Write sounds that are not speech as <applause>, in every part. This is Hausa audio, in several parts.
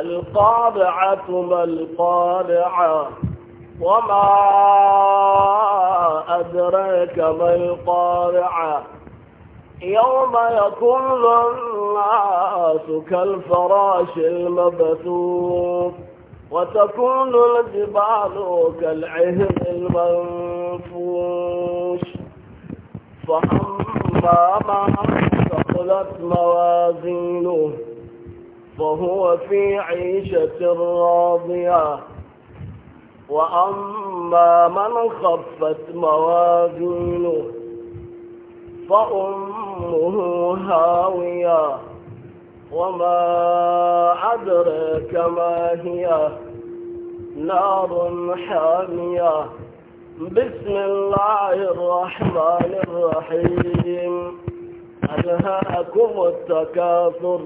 القابعة ما القابعة وما أدراك ما القابعة يوم يكون الناس كالفراش المبثوث وتكون الجبال كالعهر المنفوش فأما ما ثقلت موازينه فهو في عيشة راضية وأما من خفت موازينه فأمه هاوية وما أدرك ما هي نار حامية بسم الله الرحمن الرحيم أنهاكم التكاثر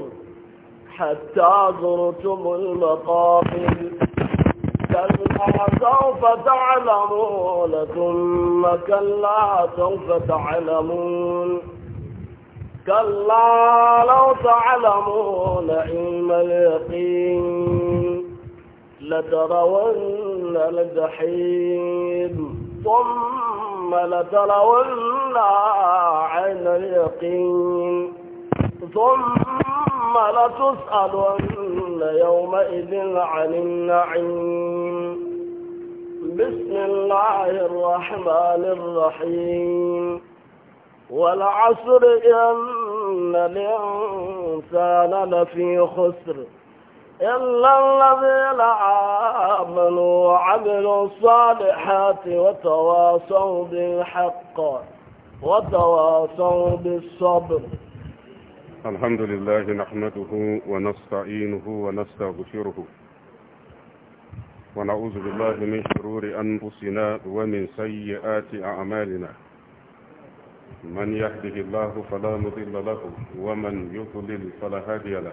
حتى زرتم المقابل كلا سوف تعلمون ثم كلا سوف تعلمون كلا لو تعلمون علم اليقين لترون الجحيم ثم ثم لترون عين اليقين ثم لتسألن يومئذ عن النعيم بسم الله الرحمن الرحيم والعصر إن الإنسان لفي خسر إلا الذين آمنوا وعملوا الصالحات وتواصوا بالحق وتواصوا بالصبر الحمد لله نحمده ونستعينه ونستغفره ونعوذ بالله من شرور أنفسنا ومن سيئات أعمالنا من يهده الله فلا مضل له ومن يضلل فلا هادي له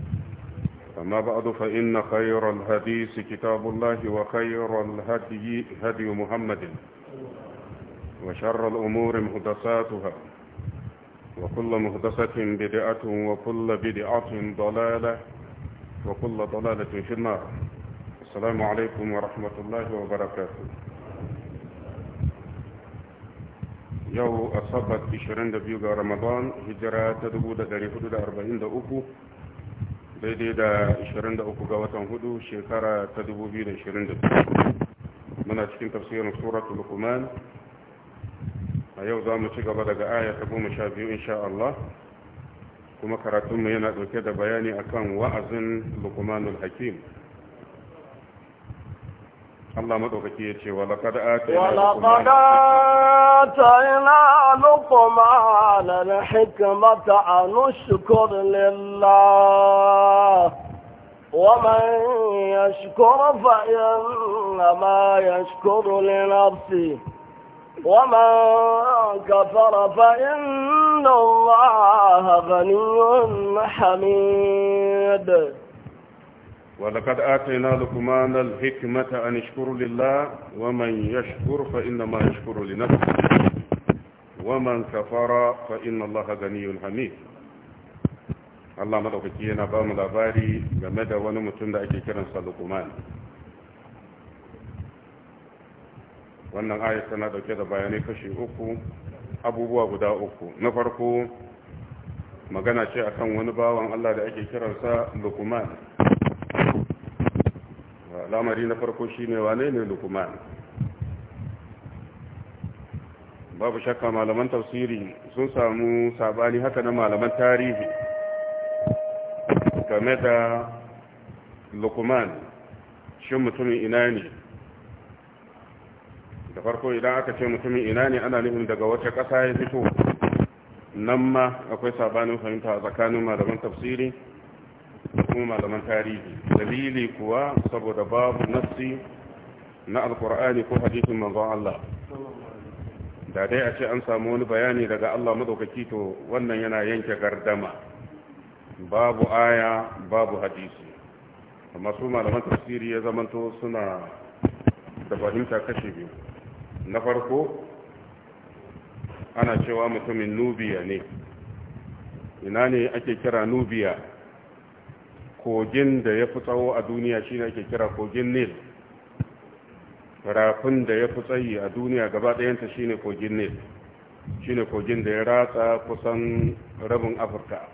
أما بعد فإن خير الحديث كتاب الله وخير الهدي هدي محمد وشر الأمور مهدساتها وكل مهدسة بدعة وكل بدعة ضلالة وكل ضلالة في النار السلام عليكم ورحمة الله وبركاته يو أصبت 22 رمضان هجرة تدبو دقري دا 443 daidai da 23 ga watan hudu shekara ta 2022 muna cikin tafsirin suratul luqman a yau za mu ci gaba daga aya ta goma sha biyu insha Allah kuma karatunmu yana ɗauke da bayani akan wa'azin luqmanul hakim الله مدوكي ولقد آتينا ولقد آتينا لقمان الحكمة أن نشكر لله ومن يشكر فإنما يشكر لنفسه ومن كفر فإن الله غني حميد ولقد آتينا لقمان الحكمة أن يشكر لله ومن يشكر فإنما يشكر لنفسه ومن كفر فإن الله غني حميد Allah maɗaukaki yana ba mu labari game da wani mutum da ake kiransa lukuman wannan ayat na ɗauke da bayanai kashi uku abubuwa guda uku na farko magana ce akan wani bawan Allah da ake kiransa lukuman lamari na farko shi ne wane ne lukuman babu shakka malaman tafsiri sun samu sabani haka na malaman tarihi game da lukuman shi mutumin ina ne da farko idan aka ce mutumin ina ne ana nufin daga wace ƙasa ya fito nan ma akwai sabanin fahimta a tsakanin malaman tafsiri Kuma malaman tarihi dalili kuwa saboda babu nassi na alkur'ani ko hadisin manzon Allah da dai a ce an samu wani bayani daga Allah madaukaki to wannan yana yanke gardama babu aya babu hadisi amma su malaman tafsiri ya zamanto suna da fahimta kashe biyu na farko ana cewa mutumin nubiya ne ina ne ake kira nubiya kogin da ya fi tsawo a duniya shine ake kira kogin nil rafin da ya fi tsayi a duniya gaba ɗayanta shine kogin nil Shi ne kogin da ya ratsa kusan rabin afirka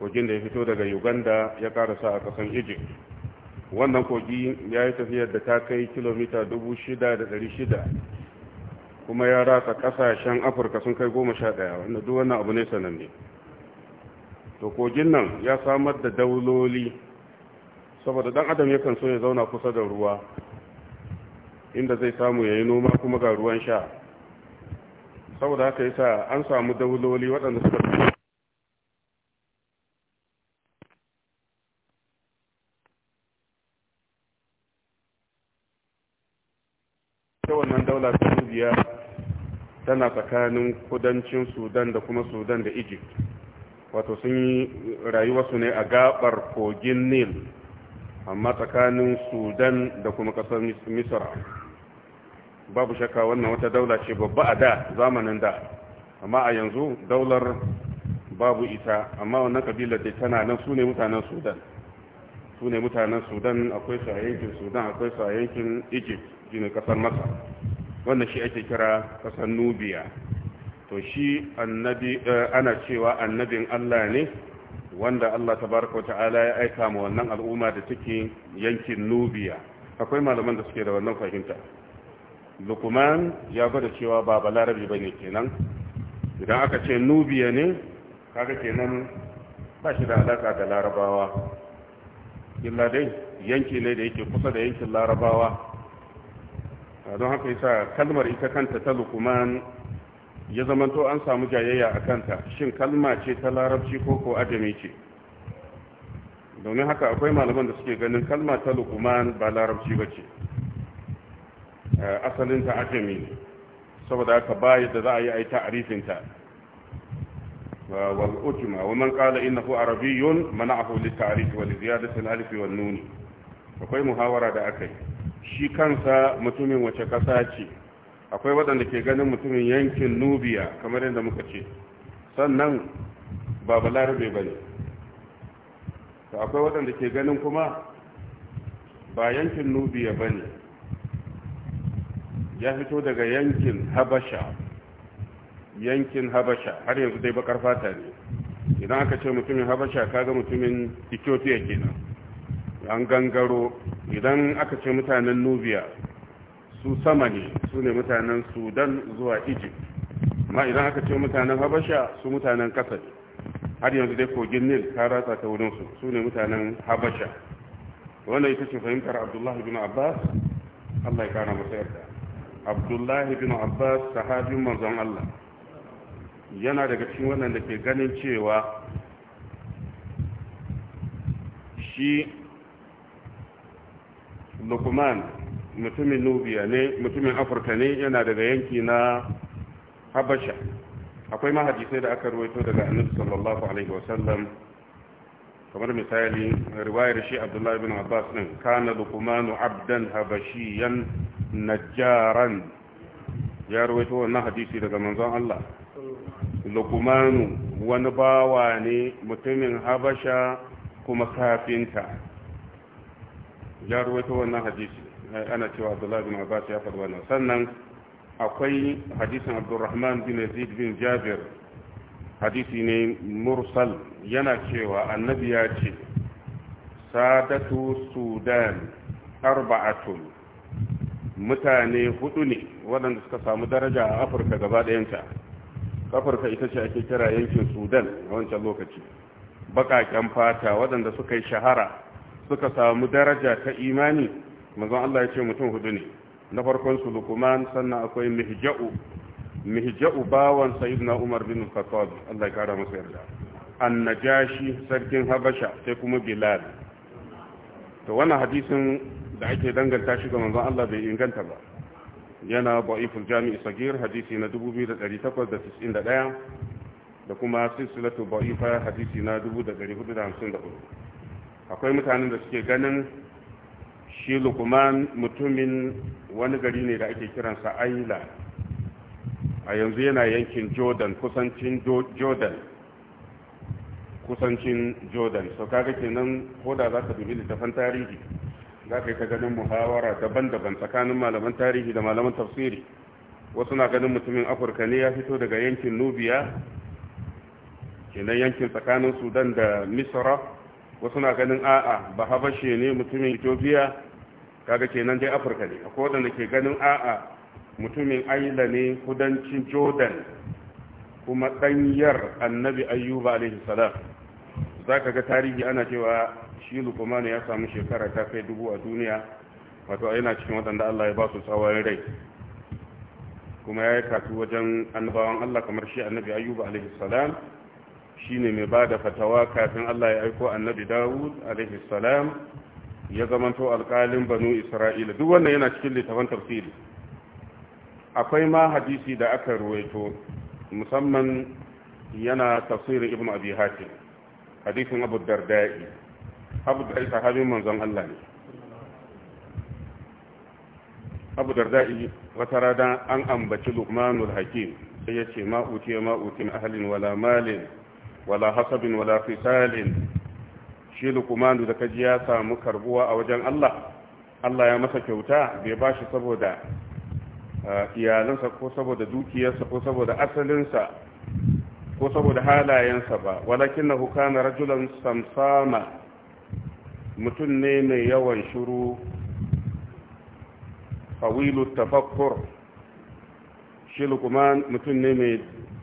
kogin da ya fito daga uganda ya karasa a kasan egypt wannan kogi ya yi tafiyar da ta kai kilomita 6,600 kuma ya ratsa kasashen afirka sun kai 11 wanda duk abu ne sananne to kogin nan ya samar da dauloli saboda dan adam yakan so ya zauna kusa da ruwa inda zai samu ya yi noma kuma ga ruwan sha saboda haka yasa an samu dauloli waɗanda suka ta wannan daula ta tana tsakanin kudancin sudan da kuma sudan da egypt wato sun yi rayuwarsu ne a gabar kogin nil amma tsakanin sudan da kuma kasar misar babu shakka wannan wata daula ce babba a da zamanin da amma a yanzu daular babu ita amma wannan kabilar da tana nan su ne mutanen sudan su ne mutanen sudan akwai su a yankin sudan akwai su a yankin egypt jini kasar masa wannan shi ake kira kasar nubiya to shi annabi eh, ana cewa annabin Allah ne wanda Allah tabaraka ta'ala ya aika ma wannan al'umma da take yankin Nubiya akwai malaman da suke da wannan fahimta Luqman ya gwada cewa ba balarabi bane kenan idan aka ce Nubiya ne kaga kenan ba shi da alaka da Larabawa illa dai yanki ne da yake kusa da yankin Larabawa don haka yasa kalmar ita kanta ta Luqman ya zamanto an samu jayayya a kanta shin kalma ce ta larabci ko ko ajami ce domin haka akwai malaman da suke ganin kalma ta lukuman ba larabci ba ce eh, Asalin ta ajami ne saboda haka ba yadda za a yi a yi ta'arifinta والأجمع mana'ahu قال إنه wa li للتعريف alif wa nun akwai muhawara da akai. shi kansa mutumin wace kasa ce akwai waɗanda ke ganin mutumin yankin nubiya kamar yadda muka ce sannan ba larabe ba ne akwai waɗanda ke ganin kuma ba yankin nubiya ba ne ya fito daga yankin habasha yankin habasha har yanzu dai bakar fata ne idan aka ce mutumin habasha kaga mutumin ethiopia kenan an gangaro idan aka ce mutanen nubiya su sama ne su ne mutanen sudan zuwa egypt amma idan aka ce mutanen habasha su mutanen ƙasa ne har yanzu dai kogin nil ta rasa ta wurinsu su ne mutanen habasha wanda ita ce fahimtar abdullahi bin abbas allah ya kara masa yarda abdullahi bin abbas sahabin manzon allah yana daga cikin waɗanda ke ganin cewa shi lukman mutumin nubiya ne mutumin afirka ne yana daga yanki na habasha akwai mahadisai da aka ruwaito daga annabi sallallahu alaihi wasallam kamar misali riwayar shi abdullahi bin abbas din kana luqmanu abdan habashiyan najjaran ya ruwaito wannan hadisi daga manzon Allah luqmanu wani bawa ne mutumin habasha kuma kafinta ya ruwaito wannan hadisi ana cewa abdullahi bin abbas ya faɗi wannan sannan akwai hadisin abdurrahman bin yazid bin jabir hadisi ne mursal yana cewa annabi ya ce sadatu sudan arba'atun mutane hudu ne waɗanda suka samu daraja a afirka gaba ɗayanta afirka ita ce ake kira yankin sudan a wancan lokaci baƙaƙen fata waɗanda suka yi shahara suka samu daraja ta imani manzon Allah ya ce mutum hudu ne na farkon su lukuman sannan akwai mihja'u mihja'u bawan sayyidina Umar bin Khattab Allah ya kara masa yarda annajashi sarkin Habasha sai kuma Bilal to wannan hadisin da ake danganta shi ga manzon Allah bai inganta ba yana da'iful jami'i sagir hadisi na 2891 da kuma silsilatu da'ifa hadisi na 1454 akwai mutanen da suke ganin shi lukuman mutumin wani gari ne da ake kiransa aila a yanzu yana yankin jordan kusancin jordan kusancin jordan so kaga kenan koda za ka dubi littafan tarihi za ka yi ta ganin muhawara daban-daban tsakanin malaman tarihi da malaman tafsiri wasu na ganin mutumin afirka ne ya fito daga yankin nubiya kenan yankin tsakanin sudan da misra wasu na ganin a'a ba habashe ne mutumin ethiopia kaga kenan dai afirka ne akwai wadanda ke ganin a'a mutumin aila ne kudancin jordan kuma ɗanyar annabi ayyuba alaihi salam za ga tarihi ana cewa shi lukumanu ya samu shekara ta kai dubu a duniya wato yana cikin waɗanda allah ya ba su tsawon rai kuma ya yi wajen annabawan allah kamar shi annabi ayyuba alaihi salam shi ne mai bada fatawa kafin allah ya aiko annabi dawud alaihi salam ya zamanto alƙalin banu isra'ila duk wannan yana cikin littafin tafsiri akwai ma hadisi da aka ruwaito musamman yana tafsirin ibn abi hatim hadisin abu dardai abu dardai sahabin manzon Allah ne abu dardai wata rada an ambaci luqmanul hakim sai ya ce ma utiya ma ahlin wala malin wala hasabin wala fisalin shi lukumanu da kaji ya samu karbuwa a wajen Allah Allah ya masa kyauta bai ba shi saboda iyalansa ko saboda dukiyarsa ko saboda asalinsa ko saboda halayensa ba walakin na na rajulan samsama mutum ne mai yawan shuru fawilu tafakkur shi lukuman mutum ne mai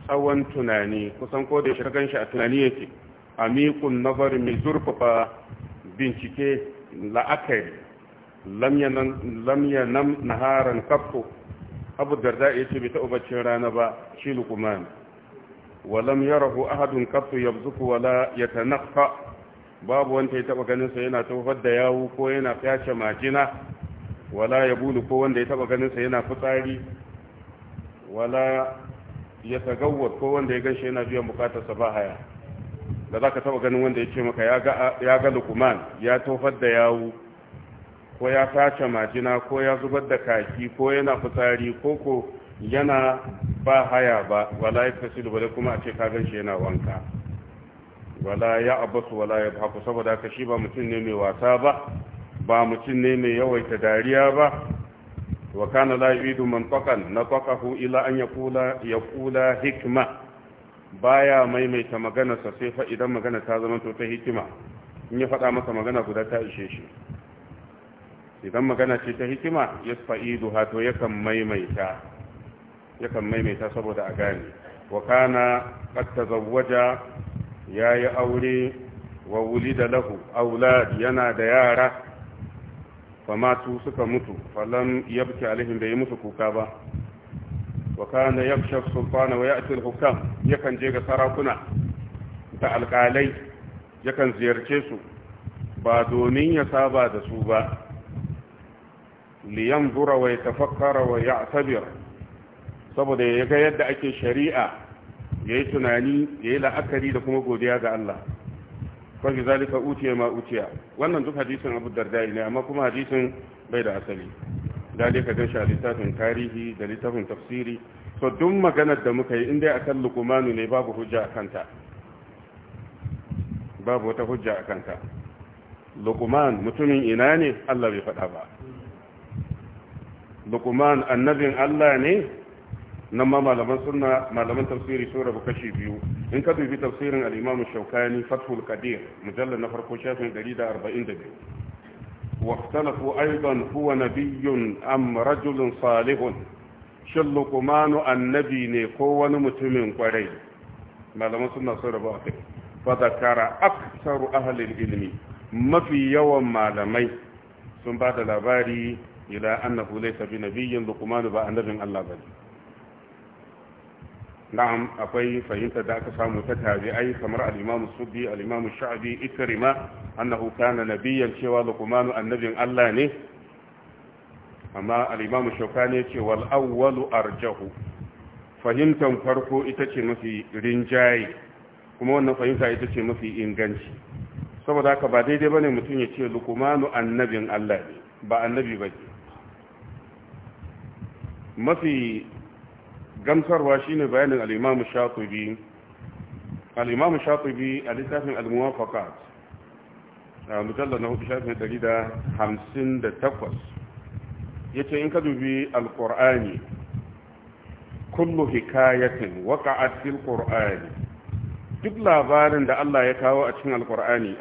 tsawon tunani kusan ko da shirgan shi a tunani yake amikun nazari mai zurfafa bincike la'akari lamya nam naharan kafko abu darda ya ce bai taɓa baccin rana ba shi lukumani walam ya rahu ahadun kafko ya zuku wala ya tanakka babu wanda ya taɓa ganinsa yana tofar da yawu ko yana fyace majina wala ya bulu ko wanda ya taɓa ganinsa yana fitsari wala ya tagawar ko wanda ya ganshi yana biyan bukatarsa ba haya da za ka taba ganin wanda ya ce maka ya ga lukuman ya tofar da yawu ko ya sace majina ko ya zubar da kaki ko yana fitsari ko ko yana ba haya ba wala ya fasilu ba kuma a ce ka shi yana wanka wala ya abasu wala ya haku saboda ka shi ba mutum ne mai wasa ba ba mutum ne mai yawaita dariya ba wa kana la yu'idu man taqan nataqahu ila an yaqula yaqula hikma baya maimaita maganarsa sai fa idan magana ta zama to ta hikima in ya faɗa masa magana guda ta ishe shi idan magana ce ta hikima ya fa'idu hato yakan maimaita yakan maimaita saboda a gani Wakana, kana qad tazawwaja yayi aure wa da lahu aulad yana da yara famatu suka mutu falam yabki alaihim bai mutu kuka ba wa kana yakshaf sultana wa ya'ti al-hukam yakan je ga sarakuna da alƙalai yakan ziyarce su ba domin ya saba da su ba liyan zura wa tafakkara wa ya'tabir saboda ya ga yadda ake shari'a yayi tunani yayi la'akari da kuma godiya ga Allah kwafi zalika utiya ma utiya wannan duk hadisin abu dardai ne amma kuma hadisin bai da asali misali ka gan a littafin tarihi da littafin tafsiri to duk maganar da muka yi inda dai lukumanu ne babu hujja babu hujja a kanta lukuman mutumin ina ne Allah bai faɗa ba lukuman annabi Allah ne nan ma malaman sunna malaman tafsiri sun rabu kashi biyu in ka dubi tafsirin al-imam shaukani fathul qadir mujallal na farko shafin biyu. واختلفوا أيضا هو نبي أم رجل صالح shin lukumanu annabi ne koWani mutumin kwarai malaman suna sun rabu akai fa zakara aksaru ahlil ilmi mafi yawan malamai sun ba da labari ila annahu laysa bi nabiyyin lukumanu ba annabin Allah bane na'am akwai fahimtar da aka samu ta tabi'ai kamar al-imamu suddi al-imamu sha'bi ikrima annahu kana nabiyyan cewa luqmanu annabin Allah ne amma al-imamu shaukani yace wal awwalu arjahu fahimtan farko ita ce mafi rinjaye kuma wannan fahimta ita ce mafi inganci saboda haka ba daidai bane mutum ya ce luqmanu annabin Allah ne ba annabi bane mafi gamsarwa shi shine bayanin al-Imam Shatibi al-Imam Shatibi a littafin al-Muwafaqat mujallad na hudu shafin ya ce in ka dubi al-Qur'ani kullu hikayatin waqa'at fil Qur'ani duk labarin da Allah ya kawo a cikin al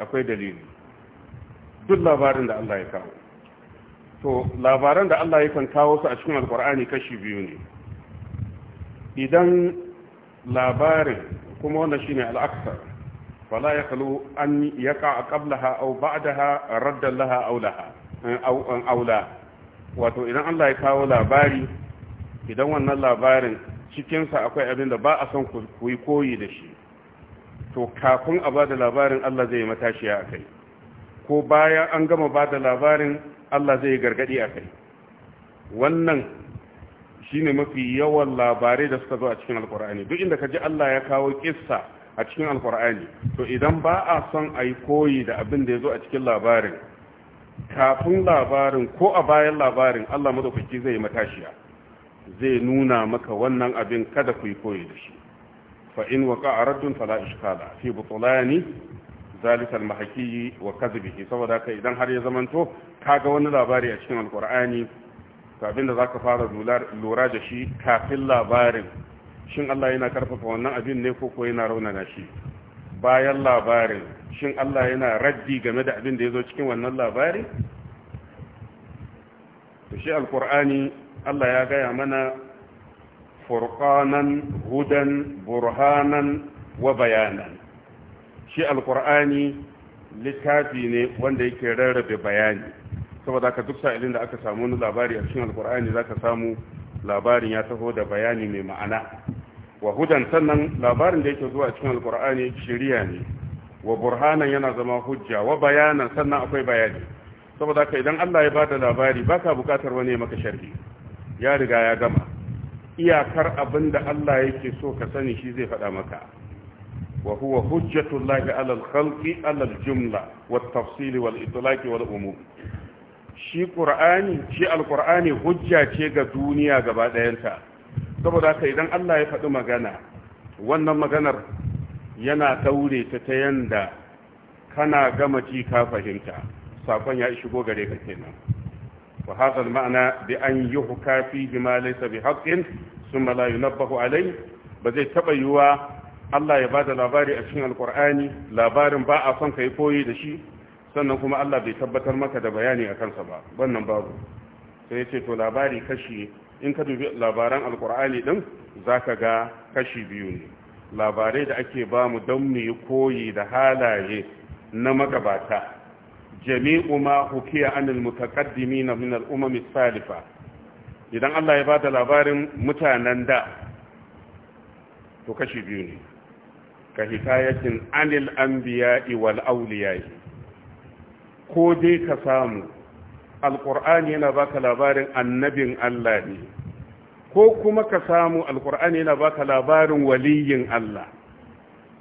akwai dalili duk labarin da Allah ya kawo to labaran da Allah ya kan kawo su a cikin alkur'ani kashi biyu ne idan labarin kuma wannan shine al'aksar fala ya kalu an ya ka a au ba'daha raddan laha aula wato idan Allah ya kawo labari idan wannan labarin cikinsa akwai abin da ba a son ku yi koyi da shi to kafin a ba da labarin Allah zai matashiya a kai ko bayan an gama ba da labarin Allah zai gargadi a kai wannan Shi ne mafi yawan labarai da suka zo a cikin alkur'ani duk inda ka ji Allah ya kawo kissa a cikin alkur'ani to idan ba a son a yi koyi da abin da ya zo a cikin labarin kafin labarin ko a bayan labarin Allah madaukaki zai matashiya zai nuna maka wannan abin kada ku yi koyi da shi fa in waqa raddun fala ishkala fi butulani zalika al wa kadhibi saboda haka idan har ya zamanto kaga wani labari a cikin alkur'ani abin da za ka fara lura da shi kafin labarin shin Allah yana karfafa wannan abin ne ko ko yana raunana shi bayan labarin shin Allah yana raddi game da abin da ya zo cikin wannan labari to shi alkur'ani Allah ya gaya mana furqanan hudan burhanan wa bayanan shi alkur'ani littafi ne wanda yake rarrabe bayani saboda ka duk sa'ilin da aka samu wani labari a cikin alkur'ani za ka samu labarin ya taho da bayani mai ma'ana wa hudan sannan labarin da yake zuwa cikin alkur'ani shiriya ne wa burhanan yana zama hujja wa bayanan sannan akwai bayani saboda haka idan Allah ya bada labari baka bukatar wani maka sharhi ya riga ya gama iyakar abin da Allah yake so ka sani shi zai faɗa maka wa huwa hujjatullahi ala al-khalqi Alal jumla wa tafsili wal-itlaqi wal-umum shi qur'ani shi alqur'ani hujja ce ga duniya gaba ɗayanta saboda haka idan Allah ya faɗi magana wannan maganar yana daure ta ta yanda kana gama ji ka fahimta sakon ya shigo gare ka kenan wa hadha ma'ana bi an yuhka fi ma laysa bi haqqin thumma la yunabbahu alayhi ba zai taba yiwa Allah ya bada labari a cikin alqur'ani labarin ba a son kai koyi da shi sannan kuma Allah bai tabbatar maka da bayani a kansa ba wannan babu sai ya ce to labari kashi in ka dubi labaran alkur'ani din zaka ga kashi biyu ne labarai da ake ba mu don mu yi koyi da halaye na magabata jami'u ma hukiya anil mutaqaddimin min al salifa idan Allah ya bada labarin mutanen da to kashi biyu ne ka hikayatin anil anbiya'i wal awliya'i ko dai ka samu alkur'ani yana baka labarin annabin Allah ne ko kuma ka samu alkur'ani yana baka labarin waliyin Allah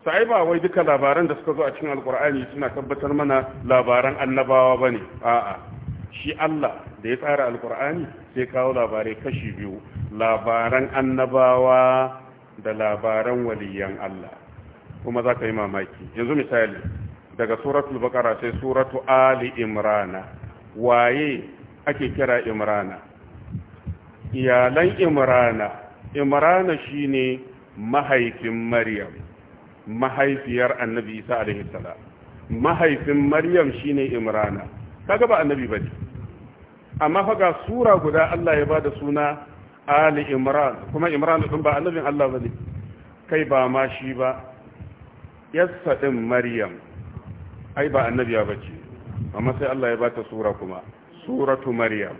sai ba wai duka labaran da suka zo a cikin alkur'ani suna tabbatar mana labaran annabawa bane a'a shi Allah da ya tsara alkur'ani sai kawo labarai kashi biyu labaran annabawa da labaran waliyan Allah kuma za ka yi mamaki yanzu misali daga suratul baqara sai suratu ali imrana waye ake kira imrana iyalan imrana imrana shine mahaifin maryam mahaifiyar annabi isa alaihi salam mahaifin maryam shine imrana kaga ba annabi ba ne. amma fa sura guda Allah ya bada suna ali imran kuma imran din ba annabin Allah bane kai ba ma shi ba yassa din maryam ai ba annabiya ce, amma sai Allah ya bata sura kuma suratu maryam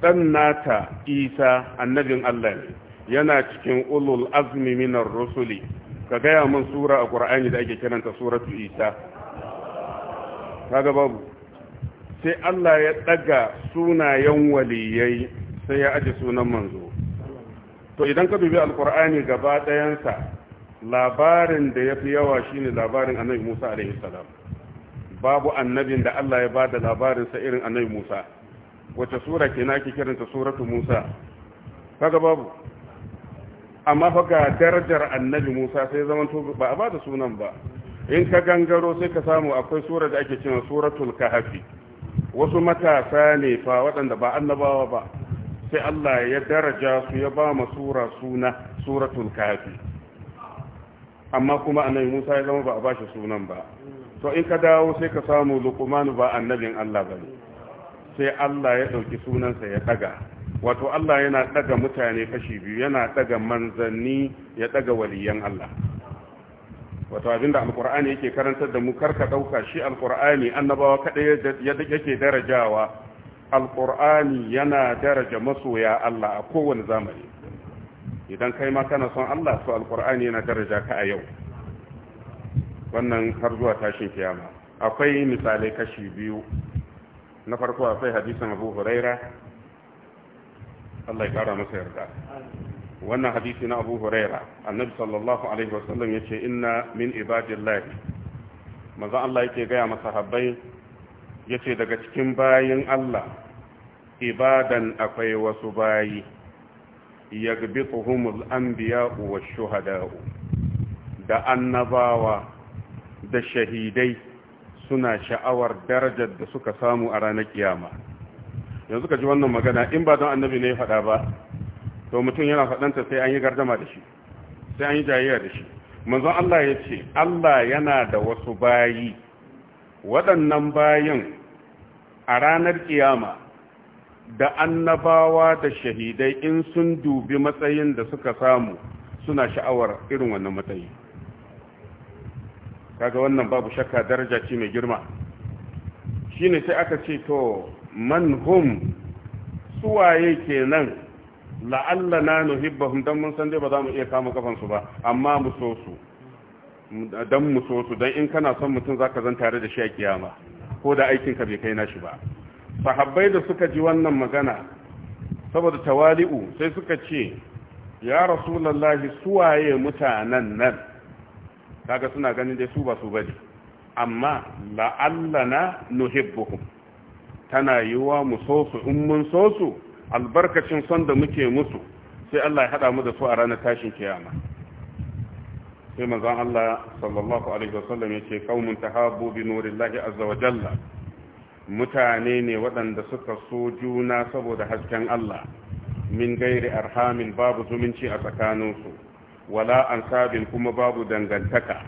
dan nata isa annabin Allah ne yana cikin ulul azmi minar rusuli ka gaya mun sura a qur'ani da ake kiranta suratu isa kaga babu sai Allah ya daga sunayen waliyai sai ya aje sunan manzo to idan ka dubi alqur'ani gaba ɗayansa. labarin da ya fi yawa shine labarin annabi musa alaihi salam babu annabin da allah ya bada labarinsa irin annabi musa wata sura ke na ake kiranta suratu musa kaga babu amma fa ga darajar annabi musa sai zamanto ba a bada sunan ba in ka gangaro sai ka samu akwai sura da ake cewa suratul kahfi wasu matasa ne fa waɗanda ba annabawa ba sai allah ya daraja su ya ba ma sura suna suratul kahfi amma kuma annabi Musa ya zama ba a bashi sunan ba to in ka dawo sai ka samu Luqman ba annabin Allah bane sai Allah ya dauki sunansa ya daga wato Allah yana daga mutane kashi biyu yana daga manzanni ya daga waliyan Allah wato abinda alqur'ani yake karantar da mu karka dauka shi alqur'ani annabawa kada yake darajawa alqur'ani yana daraja masoya Allah a kowane zamani idan kai ma kana son Allah to alqur'ani yana daraja ka a yau wannan har zuwa tashin kiyama akwai misalai kashi biyu na farko akwai hadisin Abu Huraira Allah ya kara masa yarda wannan hadisi na Abu Huraira annabi sallallahu alaihi wasallam yace inna min ibadillah manzo Allah yake gaya ga masahabbai yace daga cikin bayin Allah ibadan akwai wasu bayi yagbituhumul anbiya'u wash-shuhada'u da annabawa da shahidai suna sha'awar darajar da suka samu a ranar kiyama yanzu ka wannan magana in ba don annabi na ya faɗa ba to mutum yana faɗanta sai an yi gardama da shi sai an yi jayayya da shi manzon Allah ya ce Allah yana da wasu bayi waɗannan bayan a ranar ƙiyama. da annabawa da shahidai in sun dubi matsayin da suka samu suna sha'awar irin wannan matsayi kaga wannan babu shakka daraja ce mai girma shine sai aka ce to man hum suwaye kenan la'alla na nuhibbahum dan mun san dai ba za mu iya kama kafansu ba amma mu so su dan mu so su dan in kana son mutum zaka zan tare da shi a kiyama ko da aikin ka bai kai na shi ba sahabbai da suka ji wannan magana saboda tawali'u sai suka ce ya rasulallahi suwaye mutanen nan kaga suna ganin dai su ba su bari amma la'allana nuhibbuhum tana yiwa mu so su in mun so su albarkacin son da muke musu sai Allah ya hada mu da su a ranar tashin kiyama sai manzon Allah sallallahu alaihi wasallam yace qaumun tahabbu bi nurillahi azza wa jalla mutane ne waɗanda suka so juna saboda hasken Allah min gairi arhamin babu zumunci a tsakaninsu wala sabin kuma babu dangantaka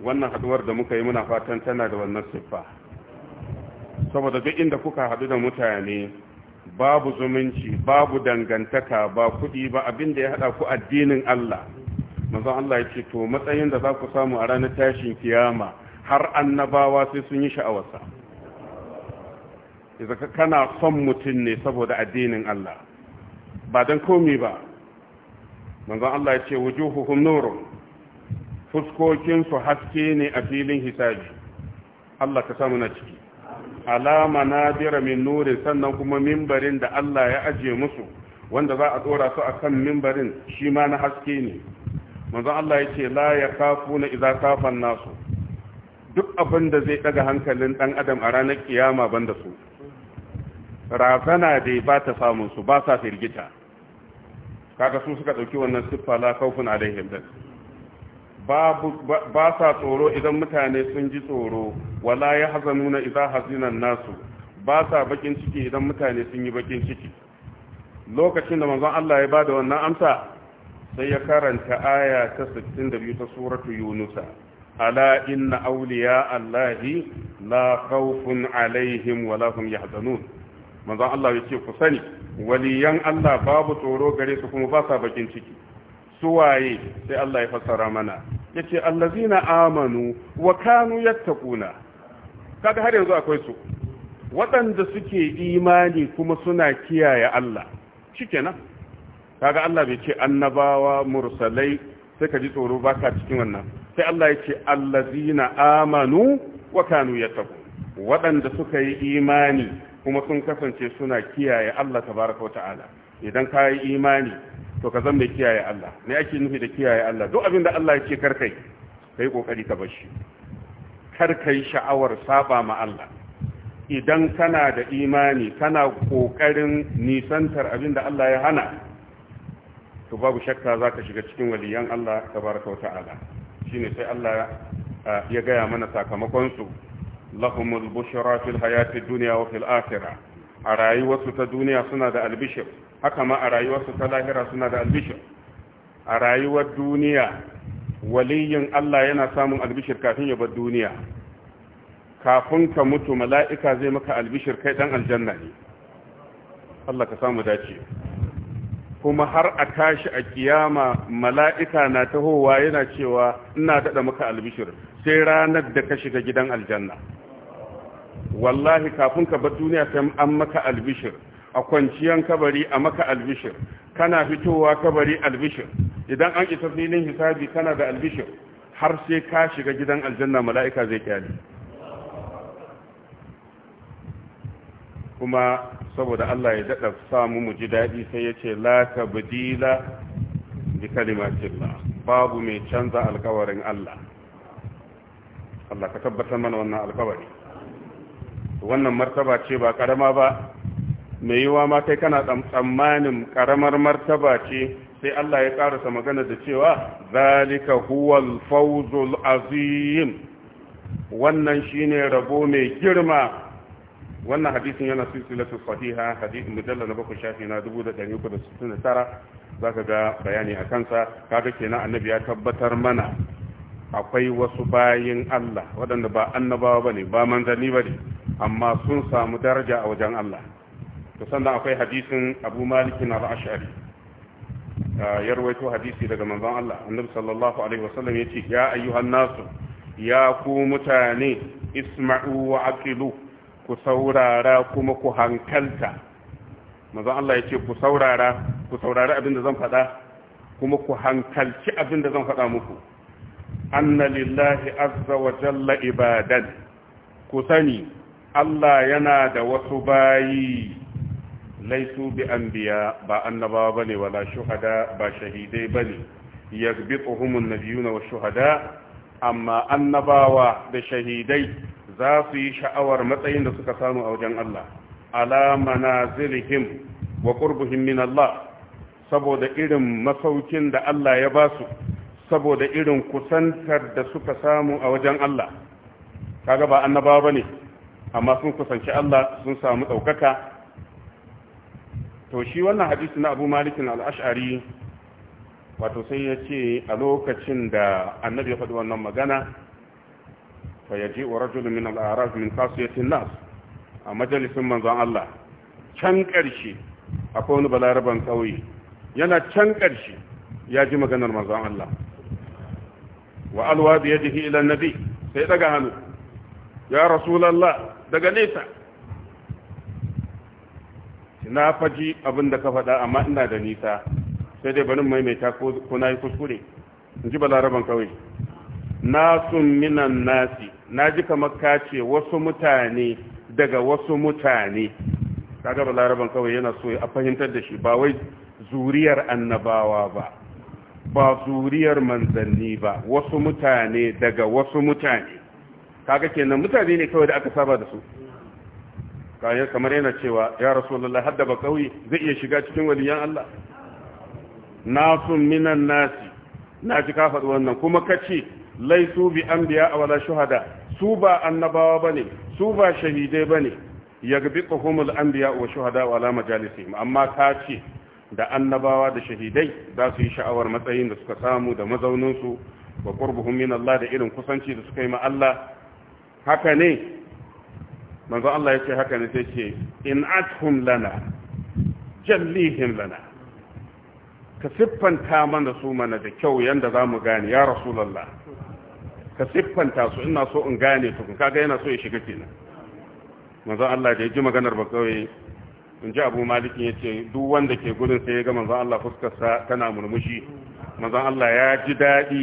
wannan haduwar da muka yi muna fatan tana da wannan siffa saboda duk inda kuka haɗu da mutane babu zumunci babu dangantaka ba kuɗi ba abin da ya haɗa ku addinin Allah manzon Allah yake ce to matsayin da za ku samu a ranar tashin kiyama har annabawa sai sun yi sha'awarsa idan kana son mutum ne saboda addinin Allah ba dan komi ba manzon Allah ya ce wujuhuhum nurun fuskokin su haske ne a filin hisabi Allah ka samu na ciki alama nadira min nurin sannan kuma mimbarin da Allah ya aje musu wanda za a dora su akan mimbarin shi ma na haske ne manzon Allah ya ce la ya kafu na idza kafan nasu duk abin da zai daga hankalin dan adam a ranar kiyama banda su razana da ba ta samun su ba sa firgita kaga su suka dauki wannan siffa la khawfun alaihim da babu ba sa tsoro idan mutane sun ji tsoro wala yahzanuna idza hazinan nasu ba sa bakin ciki idan mutane sun yi bakin ciki lokacin da manzon Allah ya bada wannan amsa sai ya karanta aya ta 62 ta suratu yunusa ala inna awliya allahi la khawfun alaihim wala hum yahzanun manzon Allah ya ce ku sani waliyan Allah babu tsoro gare su kuma ba sa bakin ciki Su waye sai Allah ya fassara mana yace allazina amanu wa kanu yattaquna kaga har yanzu akwai su waɗanda suke imani kuma suna kiyaye Allah shikenan kaga Allah bai ce annabawa mursalai sai ka ji tsoro baka cikin wannan sai Allah ya ce allazina amanu wa kanu yattaquna waɗanda suka yi imani kuma sun kasance suna kiyaye Allah tabaraka wa ta'ala idan ka yi imani to ka zama kiyaye Allah ne ake nufi da kiyaye Allah duk abin da Allah ya ce kar kai yi kokari ka bar shi kar kai sha'awar saba ma Allah idan kana da imani kana kokarin nisantar abin da Allah ya hana to babu shakka zaka shiga cikin waliyan Allah tabaraka wa ta'ala shine sai Allah eh, ya gaya mana sakamakonsu. لهم البشرى A rayuwarsu ta duniya suna da albishir. Haka ma a rayuwarsu ta lahira suna da albishir. A rayuwar duniya الله Allah yana samun albishir kafin ka mutu mala'ika zai maka albishir kai dan aljanna ne Allah ka samu dace kuma har a tashi a kiyama mala'ika na tahowa yana cewa ina daɗa maka albishir sai ranar da ka shiga gidan aljanna wallahi kafin ka bar duniya sai an maka albishir a kwanciyan kabari a maka albishir kana fitowa kabari albishir idan an isa filin hisabi kana da albishir har sai ka shiga gidan aljanna mala'ika zai kyale kuma saboda Allah ya daɗa samu mu ji daɗi sai ya ce la tabdila bi kalimatillah babu mai canza alkawarin Allah Allah ka tabbatar mana wannan alkawari wannan martaba ce ba karama ba mai yiwa ma kai kana tsammanin karamar martaba ce sai Allah ya karasa magana da cewa zalika huwal fawzul azim wannan shine rabo mai girma wannan hadisin yana silsilatu fatiha hadisin mujalla na bakwai shafi na 1369 zaka ga bayani a kansa kaga kenan annabi ya tabbatar mana akwai wasu bayin Allah waɗanda ba annabawa ba ne ba manzanni ne amma sun samu daraja a wajen Allah to sannan akwai hadisin Abu Malik al-Ash'ari ya rawaito hadisi daga manzon Allah annabi sallallahu alaihi wasallam yace ya ayyuhan nasu ya ku mutane isma'u wa aqilu ku saurara kuma ku hankalta manzon Allah yace ku saurara ku saurara abin da zan faɗa kuma ku hankalci abin da zan faɗa muku anna lillahi azza wa jalla ibadan ku sani Allah yana da wasu bayi laisu bi anbiya ba annaba bane wala shuhada ba shahidai bane yagbituhumun nabiyuna wa shuhada amma annabawa da shahidai za su yi sha'awar matsayin da suka samu a wajen Allah ala manazilihim wa qurbuhum min Allah saboda irin masaukin da Allah ya basu saboda irin kusantar da suka samu a wajen Allah kaga ba ba ne, amma sun kusanci Allah sun samu ɗaukaka to shi wannan hadisi na abu malikin al'ash'ari wato sai ya ce a lokacin da annabi ya faɗi wannan magana fa ya ji min al'araf min kasuwatin nas a majalisun manzon Allah can ƙarshe akwai wani balaraban ƙauye yana can ƙarshe ya ji maganar manzon Allah wa alwa bi yadihi ila nabi sai daga hannu ya rasulullah daga nesa na faji abin da ka faɗa amma ina da nisa sai dai bari maimaita ko na yi kuskure in ji balaraban kawai sun minan nasi na ji kamar ka ce wasu mutane daga wasu mutane kaga balaraban kawai yana so a fahimtar da shi ba wai zuriyar annabawa ba ba zuriyar manzanni ba wasu mutane daga wasu mutane kaga kenan mutane ne kawai da aka saba da su kayan kamar yana cewa ya rasulullah hadda ba kawai zai iya shiga cikin waliyan Allah nasun minan nasi na ji ka faɗi wannan kuma kace laisu bi anbiya wala shuhada su ba annabawa bane su ba shahidai bane yagbiquhumul anbiya wa shuhada wala majalisi amma ka ce da annabawa da shahidai za su yi sha'awar matsayin da suka samu da mazauninsu wa ƙurbuhun min Allah da irin kusanci da suka yi ma Allah haka ne manzo Allah ya ce haka ne sai ce in athum lana jallihim lana ka siffanta mana su mana da kyau yanda za mu gane ya rasulallah ka siffanta su ina so in gane su kaga yana so ya shiga kenan manzo Allah da ya ji maganar ba kawai in ji abu malikin ya ce duk wanda ke gudun sai ya ga manzan Allah fuskarsa tana murmushi manzan Allah ya ji daɗi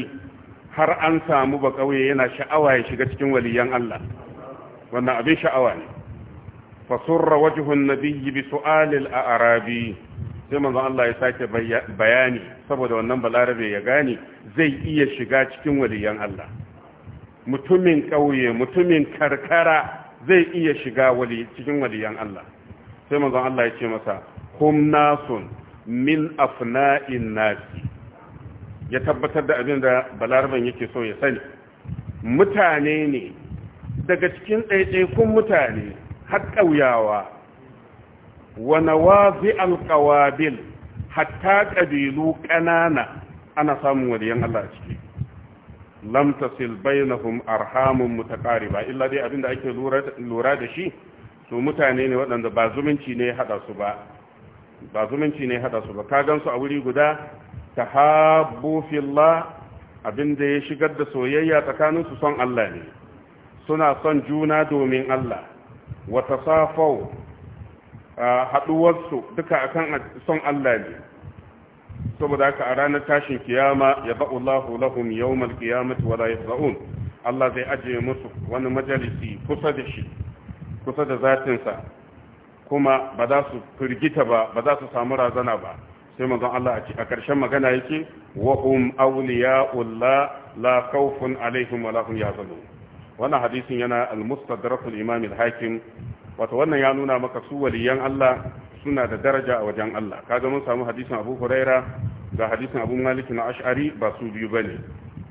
har an samu ba ƙauye yana sha'awa ya shiga cikin waliyan Allah wannan abin sha'awa ne fasurra wajihun nabiyyi bi su'alil a'rabi sai manzan Allah ya sake bayani saboda wannan balarabe ya gane zai iya shiga cikin waliyan Allah mutumin ƙauye mutumin karkara zai iya shiga cikin waliyan Allah sai manzon Allah ya ce masa hum nasun min afna'in nasi ya tabbatar da abin da balarban yake so ya sani mutane ne daga cikin ɗaiɗaikun mutane har ƙauyawa wa nawazi alqawabil hatta ƙabilu ƙanana ana samun waliyan Allah a ciki lam tasil bainahum arhamun mutaqariba illa dai abin da ake lura da shi su mutane ne waɗanda ba zumunci ne haɗa su ba ba zumunci ne haɗa su ba ka su a wuri guda ta habbu fillah abinda ya shigar da soyayya tsakaninsu son Allah ne suna son juna domin Allah wata safau haɗuwarsu duka akan son Allah ne saboda haka a ranar tashin kiyama ya ba'u Allahu lahum yawmal qiyamati wala Allah zai ajiye musu wani majalisi kusa da shi kusa da zatinsa kuma ba za su firgita ba ba za su samu razana ba sai manzon Allah a ƙarshen magana yake wa hum awliya'ullah la khawfun alaihim wa la hum yahzanun wannan hadisin yana al-mustadrak imam al-hakim wato wannan ya nuna maka su waliyan Allah suna da daraja a wajen Allah kaga mun samu hadisin Abu Huraira ga hadisin Abu Malik na Ash'ari ba su biyu bane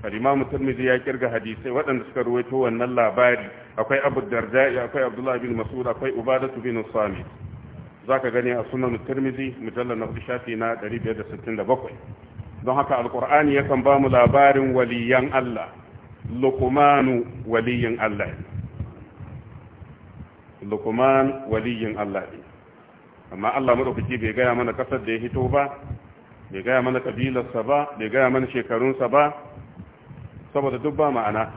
kalima mu tirmidhi ya kirga hadisai waɗanda suka ruwaito wannan labari akwai abu darda'i akwai abdullah bin mas'ud akwai ubadatu bin samit zaka gani a sunan tirmidhi mujallal na shafi na 567 don haka alkur'ani yakan ba mu labarin waliyan Allah luqmanu waliyin Allah luqman waliyin Allah amma Allah madaukaki bai gaya mana kasar da ya hito ba bai gaya mana kabilarsa ba bai gaya mana shekarunsa ba saboda duk ba ma'ana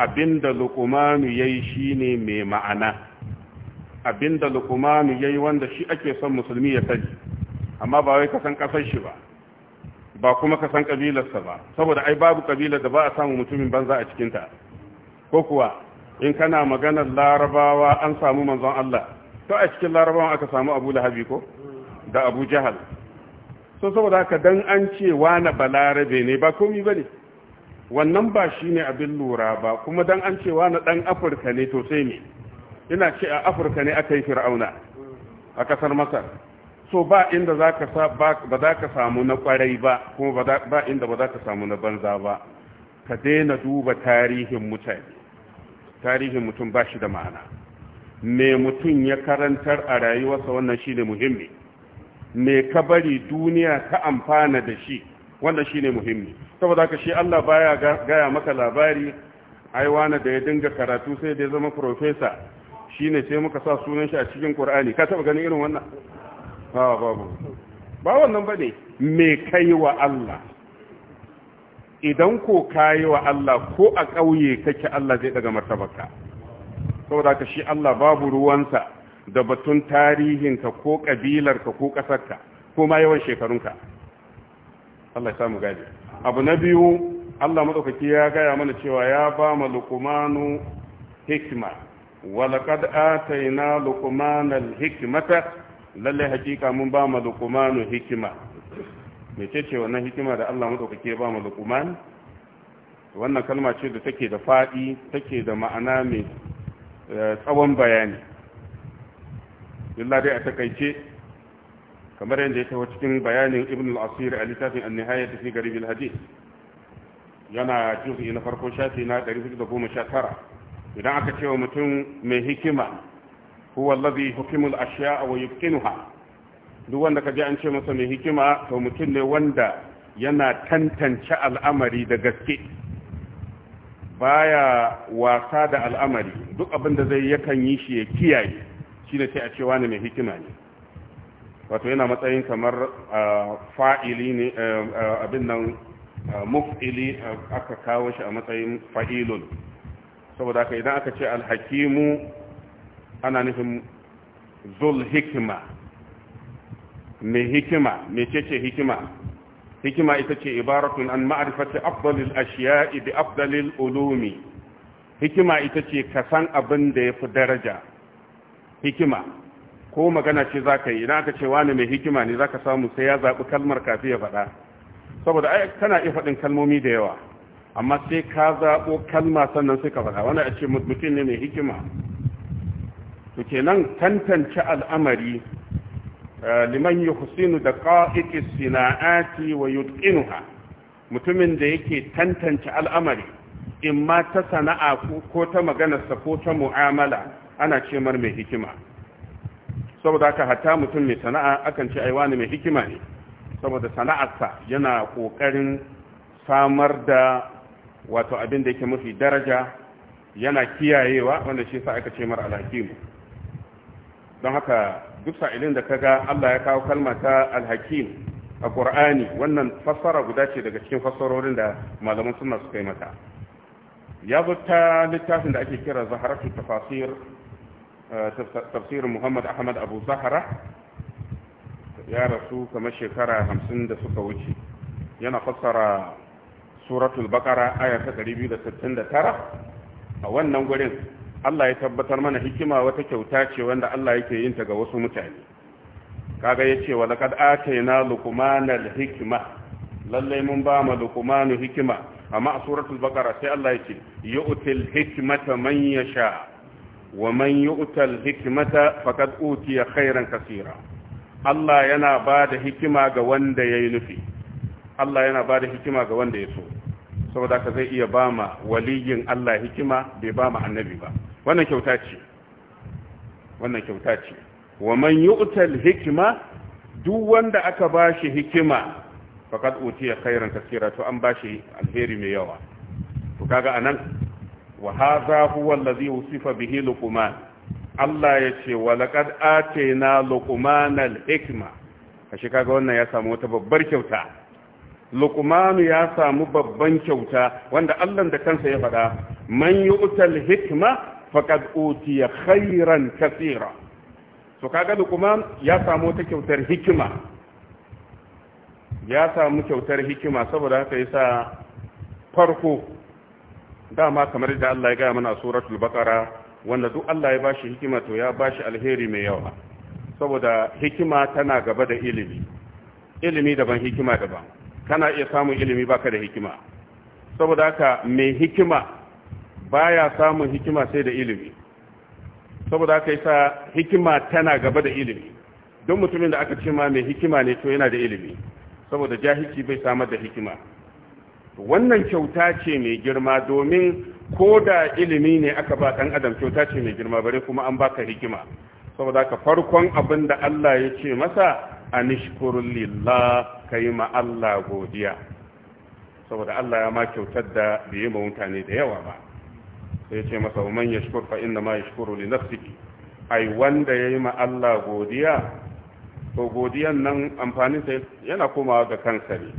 abinda lukumanu yayi shine mai ma'ana abinda lukumanu yayi wanda shi ake son musulmi ya sani amma ba wai ka san kasar shi ba ba kuma ka san kabilarsa ba saboda ai babu kabilar da ba a samu mutumin banza a cikinta ko kuwa in kana maganar larabawa an samu manzon Allah to a cikin larabawa aka samu abu lahabi ko da abu jahal so saboda haka dan an ce wani balarabe ne ba komi ba wannan ba shi ne abin lura ba kuma dan an cewa na dan afirka ne to sai ne ina ce a afirka ne aka yi fir'auna a kasar masar so ba inda ba za ka samu na kwarai ba kuma ba inda ba za ka samu na banza ba ka daina duba tarihin mutane tarihin mutum ba shi da ma'ana me mutum ya karantar a rayuwarsa wannan shi ne muhimmi me ka bari duniya ta amfana da shi wannan ne muhimmi saboda haka shi Allah baya gaya maka labari ai wani da ya dinga karatu sai da ya zama shi shine sai muka sa sunan shi a cikin ƙur'ani. ka taba ganin irin wannan ba babu ba wannan bane me kai wa Allah idan ko kayi wa Allah ko a ƙauye kake Allah zai daga martabaka saboda ka shi Allah babu ruwansa da batun tarihinka ko ƙabilarka ko ƙasarka ko ma yawan shekarunka Allah ya samu gadi abu na biyu Allah madaukaki ya gaya mana cewa ya ba mu luqmanu hikma wa laqad atayna luqmana al lalle hakika mun ba mu luqmanu hikma mece ce wannan hikima da Allah madaukaki ya ba mu luqman wannan kalma ce da take da fadi take da ma'ana mai eh, tsawon bayani illa dai a takaice kamar yadda ya taho cikin bayanin ibn al-asir a littafin an-nihaya fi garib al-hadith yana juz'i na farko shafi na 419 idan aka ce wa mutum mai hikima huwa allazi yuqimu al-ashya'a wa duk wanda kaje an ce masa mai hikima to mutum ne wanda yana tantance al'amari da gaske baya wasa da al'amari duk abin da zai yakan yi shi ya kiyaye shine sai a cewa wani mai hikima ne wato yana matsayin kamar fa'ili ne abin nan muf'ili aka kawo shi a matsayin fa'ilun saboda haka idan aka ce alhakimu ana nufin zul hikima mai hikima mai cece hikima hikima ita ce ibaratun an ma'arifata abdalil ashiya'i da abdalil ulumi hikima ita ce kasan abin da ya fi daraja hikima ko magana ce za ka yi idan aka ce wani mai hikima ne za ka samu sai ya zaɓi kalmar kafi ya faɗa saboda ai kana iya faɗin kalmomi da yawa amma sai ka zaɓo kalma sannan sai ka faɗa wani a ce mutum ne mai hikima to kenan tantance al'amari eh, liman yi husinu da ƙa'iƙi sina'ati wa yutƙinuha mutumin da yake tantance al'amari in ma ta sana'a ko ta maganarsa ko ta mu'amala ana ce mar mai hikima saboda aka hata mutum mai sana'a akan ci ai wani mai hikima ne saboda sana'arsa yana kokarin samar da wato abin da yake mafi daraja yana kiyayewa wanda shi yasa aka ce mar alhakimu don haka duk sa'ilin da kaga Allah ya kawo kalma ta alhakim a Qur'ani wannan fassara guda ce daga cikin fassarorin da malaman sunna suka yi mata ya zo littafin da ake kira zaharatu tafasir tafsirin muhammad ahmad abu zahara ya rasu kamar shekara hamsin da suka wuce yana fassara suratul bakara aya ta tara. a wannan gurin Allah ya tabbatar mana hikima wata kyauta ce wanda Allah yake yin ta ga wasu mutane kaga yace wa laqad atayna luqmana al hikima, lallai mun ba ma luqmanu hikima amma a suratul bakara sai Allah yake yu'til hikimata man sha. wa man yu'tal hikmata faqad utiya khairan kaseera Allah yana ba da hikima ga wanda yayi nufi Allah yana ba da hikima ga wanda ya so saboda ka zai iya ba ma waliyin Allah hikima bai ba ma annabi ba wannan kyauta ce wannan kyauta ce wa man yu'tal hikima duk wanda aka ba shi hikima faqad utiya khairan kaseera to an ba bashi alheri mai yawa to kaga anan wa hadha huwa allazi usifa bihi luqman Allah yace ce wa laqad atayna luqman alhikma kashi kaga wannan ya samu wata babbar kyauta luqman ya samu babban kyauta wanda Allah da kansa ya faɗa man yu'tal hikma faqad utiya khairan kaseera so kaga luqman ya samu wata kyautar hikima ya samu kyautar hikima saboda haka yasa farko dama kamar da Allah ya gaya mana a suratul baqara wanda duk Allah ya bashi hikima to ya bashi alheri mai yawa saboda hikima tana gaba da ilimi ilimi daban hikima daban kana iya samun ilimi baka da hikima saboda haka mai hikima baya samun hikima sai da ilimi saboda haka yasa hikima tana gaba da ilimi don mutumin da aka ce ma mai hikima ne to yana da ilimi saboda jahilci bai samar da hikima wannan kyauta ce mai girma domin ko da ilimi ne aka ba ɗan adam kyauta ce mai girma bare kuma an baka hikima saboda ka farkon abin da Allah ya ce masa a lillah ka yi ma Allah godiya saboda Allah ya ma kyautar da bai yi ma mutane da yawa ba sai ce masa wa man yashkur fa inda ma yashkuru li nafsihi ai wanda ya ma Allah godiya to godiyan nan amfanin sa yana komawa ga kansa ne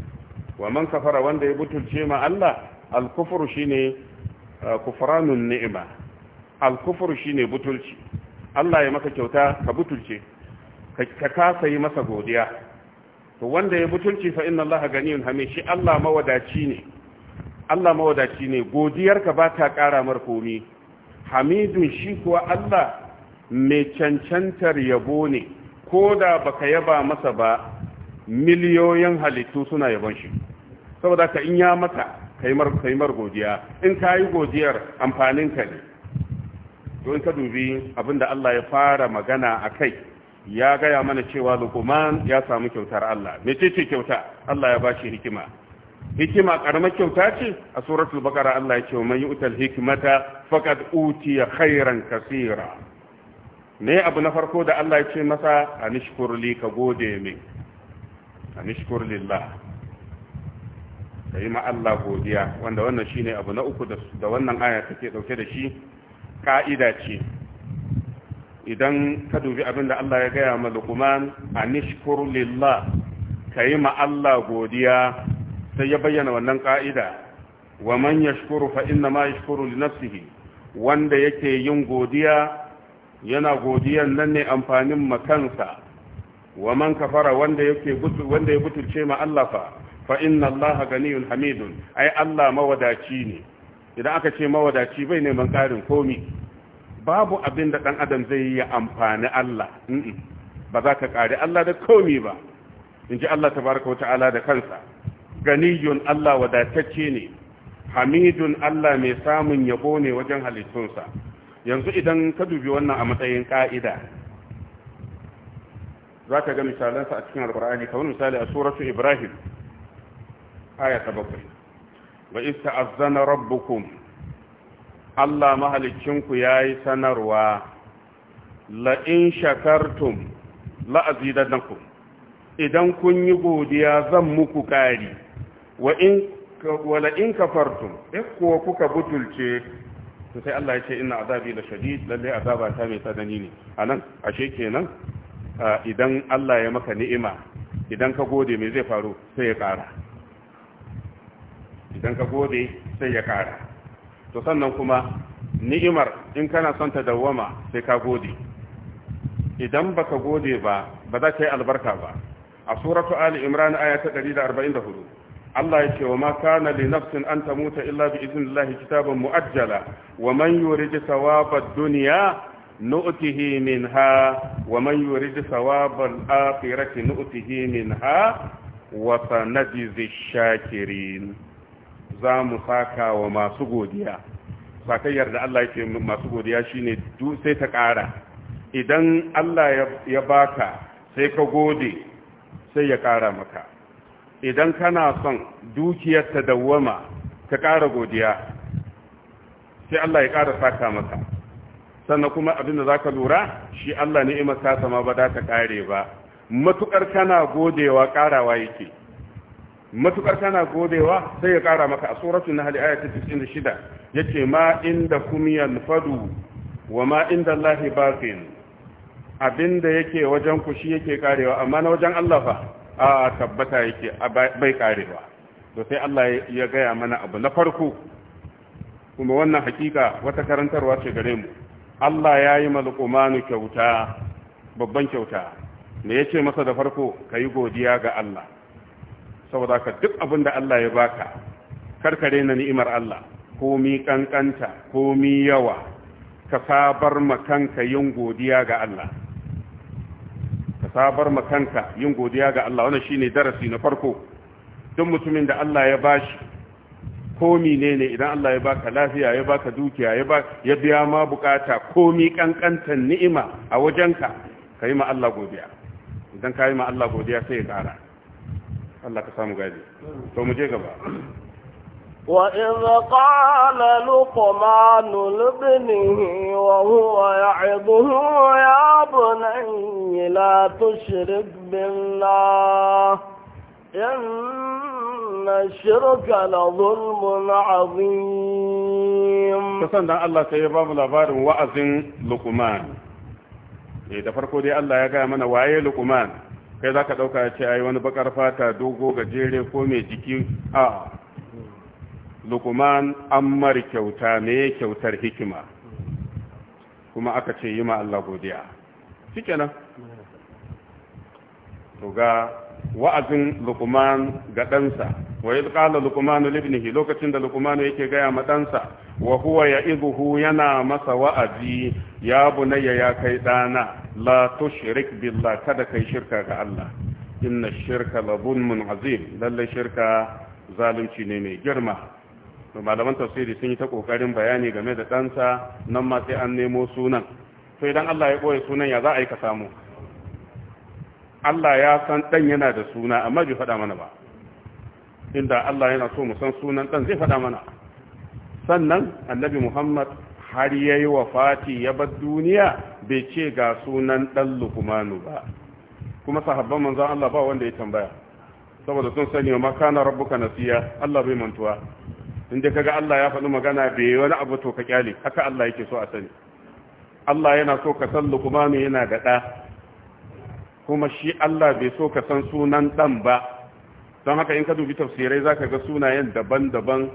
wa man kafara wanda ya butulce ma Allah al-kufru shine uh, kufranun ni'ima al-kufru shine butulci Allah ya maka kyauta ka butulce ka kasa yi masa godiya to wanda ya butulci fa inna Allah ganiyun hamid shi Allah mawadaci ne Allah mawadaci ne godiyarka ba ta ƙara mar komi hamidun shi kuwa Allah mai cancantar yabo ne ko da baka yaba masa ba miliyoyin halittu suna yabon shi saboda ka in ya maka kai mar godiya in ka yi godiyar amfanin ka ne to in ka dubi abinda Allah ya fara magana a kai ya gaya mana cewa lukuman ya samu kyautar Allah mecece kyauta Allah ya ba shi hikima hikima karamar kyauta ce a suratul baqara Allah ya ce wa man yu'tal hikmata faqad utiya khairan kaseera me abu na farko da Allah ya ce masa anishkur li ka gode min an shkur lillah kai ma Allah godiya wanda wannan ne abu na uku da wannan aya take dauke da shi ka'ida ce idan ka dubi abin da Allah ya gaya ma Luqman a shkur lillah kai ma Allah godiya sai ya bayyana wannan ka'ida wa man shukuru fa'in na ma yashkuru li nafsihi wanda yake yin godiya yana godiyan nan ne amfanin makansa wa man kafara wanda yake wanda ya butulce ma Allah fa fa inna Allah ganiyun hamidun ai Allah mawadaci ne idan aka ce mawadaci bai neman karin komi babu abin da dan adam zai yi amfani Allah ba za ka kare Allah da komi ba inji Allah tabaraka wata'ala da kansa ganiyun Allah wadatacce ne hamidun Allah mai samun yabo ne wajen halittunsa yanzu idan ka dubi wannan a matsayin ka'ida za ka ga misalansa a cikin alkur'ani kamar misali a suratu ibrahim aya ta bakwai wa ista azana rabbukum allah mahalicinku ya yi sanarwa la'in shakartum la'azidannakum idan kun yi godiya zan muku kari wa in kafartum in kuwa kuka butulce sai allah ya ce ina azabi da shadid lallai azaba ta mai tsanani ne a nan ashe kenan idan Allah ya maka ni'ima idan ka gode me zai faru sai ya ƙara idan ka gode sai ya ƙara to sannan kuma ni'imar in kana son ta dawwama sai ka gode idan baka gode ba ba za ka yi albarka ba a suratu ali imran aya ta 144 Allah ya ce wa ma kana li nafsin an tamuta illa bi idnillahi kitaban muajjala wa man yurid thawaba ad-dunya نؤته منها ومن يريد ثواب الآخرة نؤته منها وسنجزي الشاكرين زام ساكا وما سقوديا ساكا يرد الله يكي ما سقوديا شيني دو سيتك عارا إذن الله يباكا سيكا غودي سيكارا مكا إذن كان son dukiyar ta dawwama ka ƙara godiya sai Allah ya ƙara sannan kuma abin da za ka lura shi Allah ni'imar ka sama ba za ta kare ba matukar kana godewa karawa yake matukar kana godewa sai ya kara maka a suratul nahl ayat 96 yace ma inda kum fadu wa ma inda Allah baqin da yake wajen ku shi yake karewa amma na wajen Allah fa a tabbata yake bai karewa to sai Allah ya gaya mana abu na farko kuma wannan hakika wata karantarwa ce gare mu Allah ya yi malƙumanu kyauta babban kyauta da ya ce masa da farko ka yi godiya ga Allah saboda ka duk abin da Allah ya baka karkare na ni'imar Allah komi ƙanƙanta komi yawa ka sabar makanka yin godiya ga Allah ka sabar makanka yin godiya ga Allah wannan shine darasi na farko duk mutumin da Allah ya bashi komi ne ne idan Allah ya baka lafiya ya baka dukiya ya ya biya ma bukata komi kankantan ni'ima a wajenka kai ma Allah godiya idan kai ma Allah godiya sai ya kara Allah ka samu gadi to mu je gaba وإذ قال لقمان لابنه وهو يعظه يا بني لا تشرك بالله إن الشرك لظلم عظيم فسنة الله سيبام لبار وأذن لقمان da farko dai Allah ya gaya mana waye lukman kai za ka ɗauka ya ce ai wani bakar fata dogo gajere ko mai jiki a lukuman ammar kyauta ne kyautar hikima kuma aka ce yi ma Allah godiya shi kenan to ga wa'azin luqman ga ɗansa wa idh qala luqman li lokacin da luqman yake gaya ma ɗansa wa huwa ya'iduhu yana masa wa'azi ya bunayya ya kai ɗana la tushrik billah kada kai shirka ga Allah inna shirka la mun azim lalle shirka zalunci ne mai girma malaman tafsiri sun yi ta kokarin bayani game da ɗansa nan ma sai an nemo sunan to idan Allah ya ɓoye sunan ya za a yi ka samu Allah ya san ɗan yana da suna amma bai faɗa mana ba inda Allah yana so mu san sunan ɗan zai faɗa mana sannan annabi Muhammad har yayi wafati ya bar duniya bai ce ga sunan ɗan Luqmanu ba kuma sahabban manzon Allah ba wanda ya tambaya saboda sun sani ma kana rabbuka nasiya Allah bai mantuwa inda kaga Allah ya faɗi magana bai wani abu to ka kyale haka Allah yake so a sani Allah yana so ka san Luqmanu yana da ɗa kuma shi Allah bai so ka san sunan ɗan ba don haka in ka dubi tafsirai zaka ga sunayen daban-daban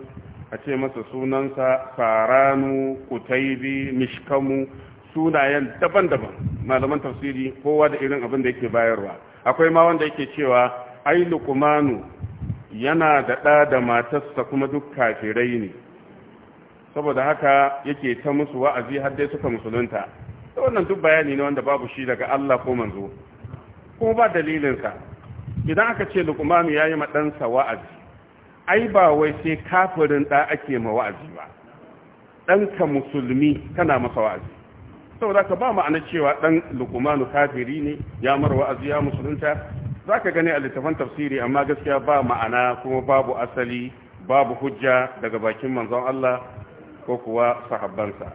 a ce masa sunansa faranu kutaibi mishkamu sunayen daban-daban malaman tafsiri kowa da irin abin da yake bayarwa akwai ma wanda yake cewa ai luqmanu yana da ɗa da matarsa kuma duk kafirai ne saboda haka yake ta musu wa'azi har dai suka musulunta wannan duk bayani ne wanda babu shi daga Allah ko manzo ko ba dalilinsa idan aka ce lukumanu ya yi maɗansa wa'azi ai ba wai sai kafirin ɗa ake ma wa'azi ba ɗanka musulmi tana masa wa'azi saboda ka ba ma'ana cewa ɗan lukumanu kafiri ne ya mara wa'azi ya musulunta za ka gani a littafan tafsiri amma gaskiya ba ma'ana kuma babu asali babu hujja daga bakin manzon Allah ko kuwa sahabbansa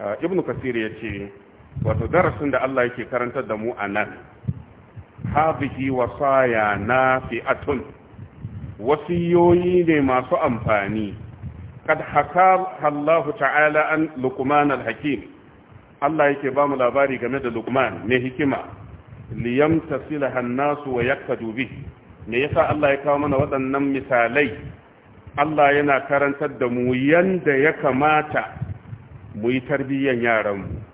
ah, ibnu kasir ya ce wato darasin da Allah yake karantar da mu a nan hadhihi wasaya nafi'atun wasiyoyi ne masu amfani kad haka Allah ta'ala an luqman al-hakim Allah yake ba mu labari game da luqman mai hikima liyamtasilaha an-nasu wa yaktadu bihi me yasa Allah ya kawo mana waɗannan misalai Allah yana karantar da mu yanda ya kamata mu yi tarbiyyar yaranmu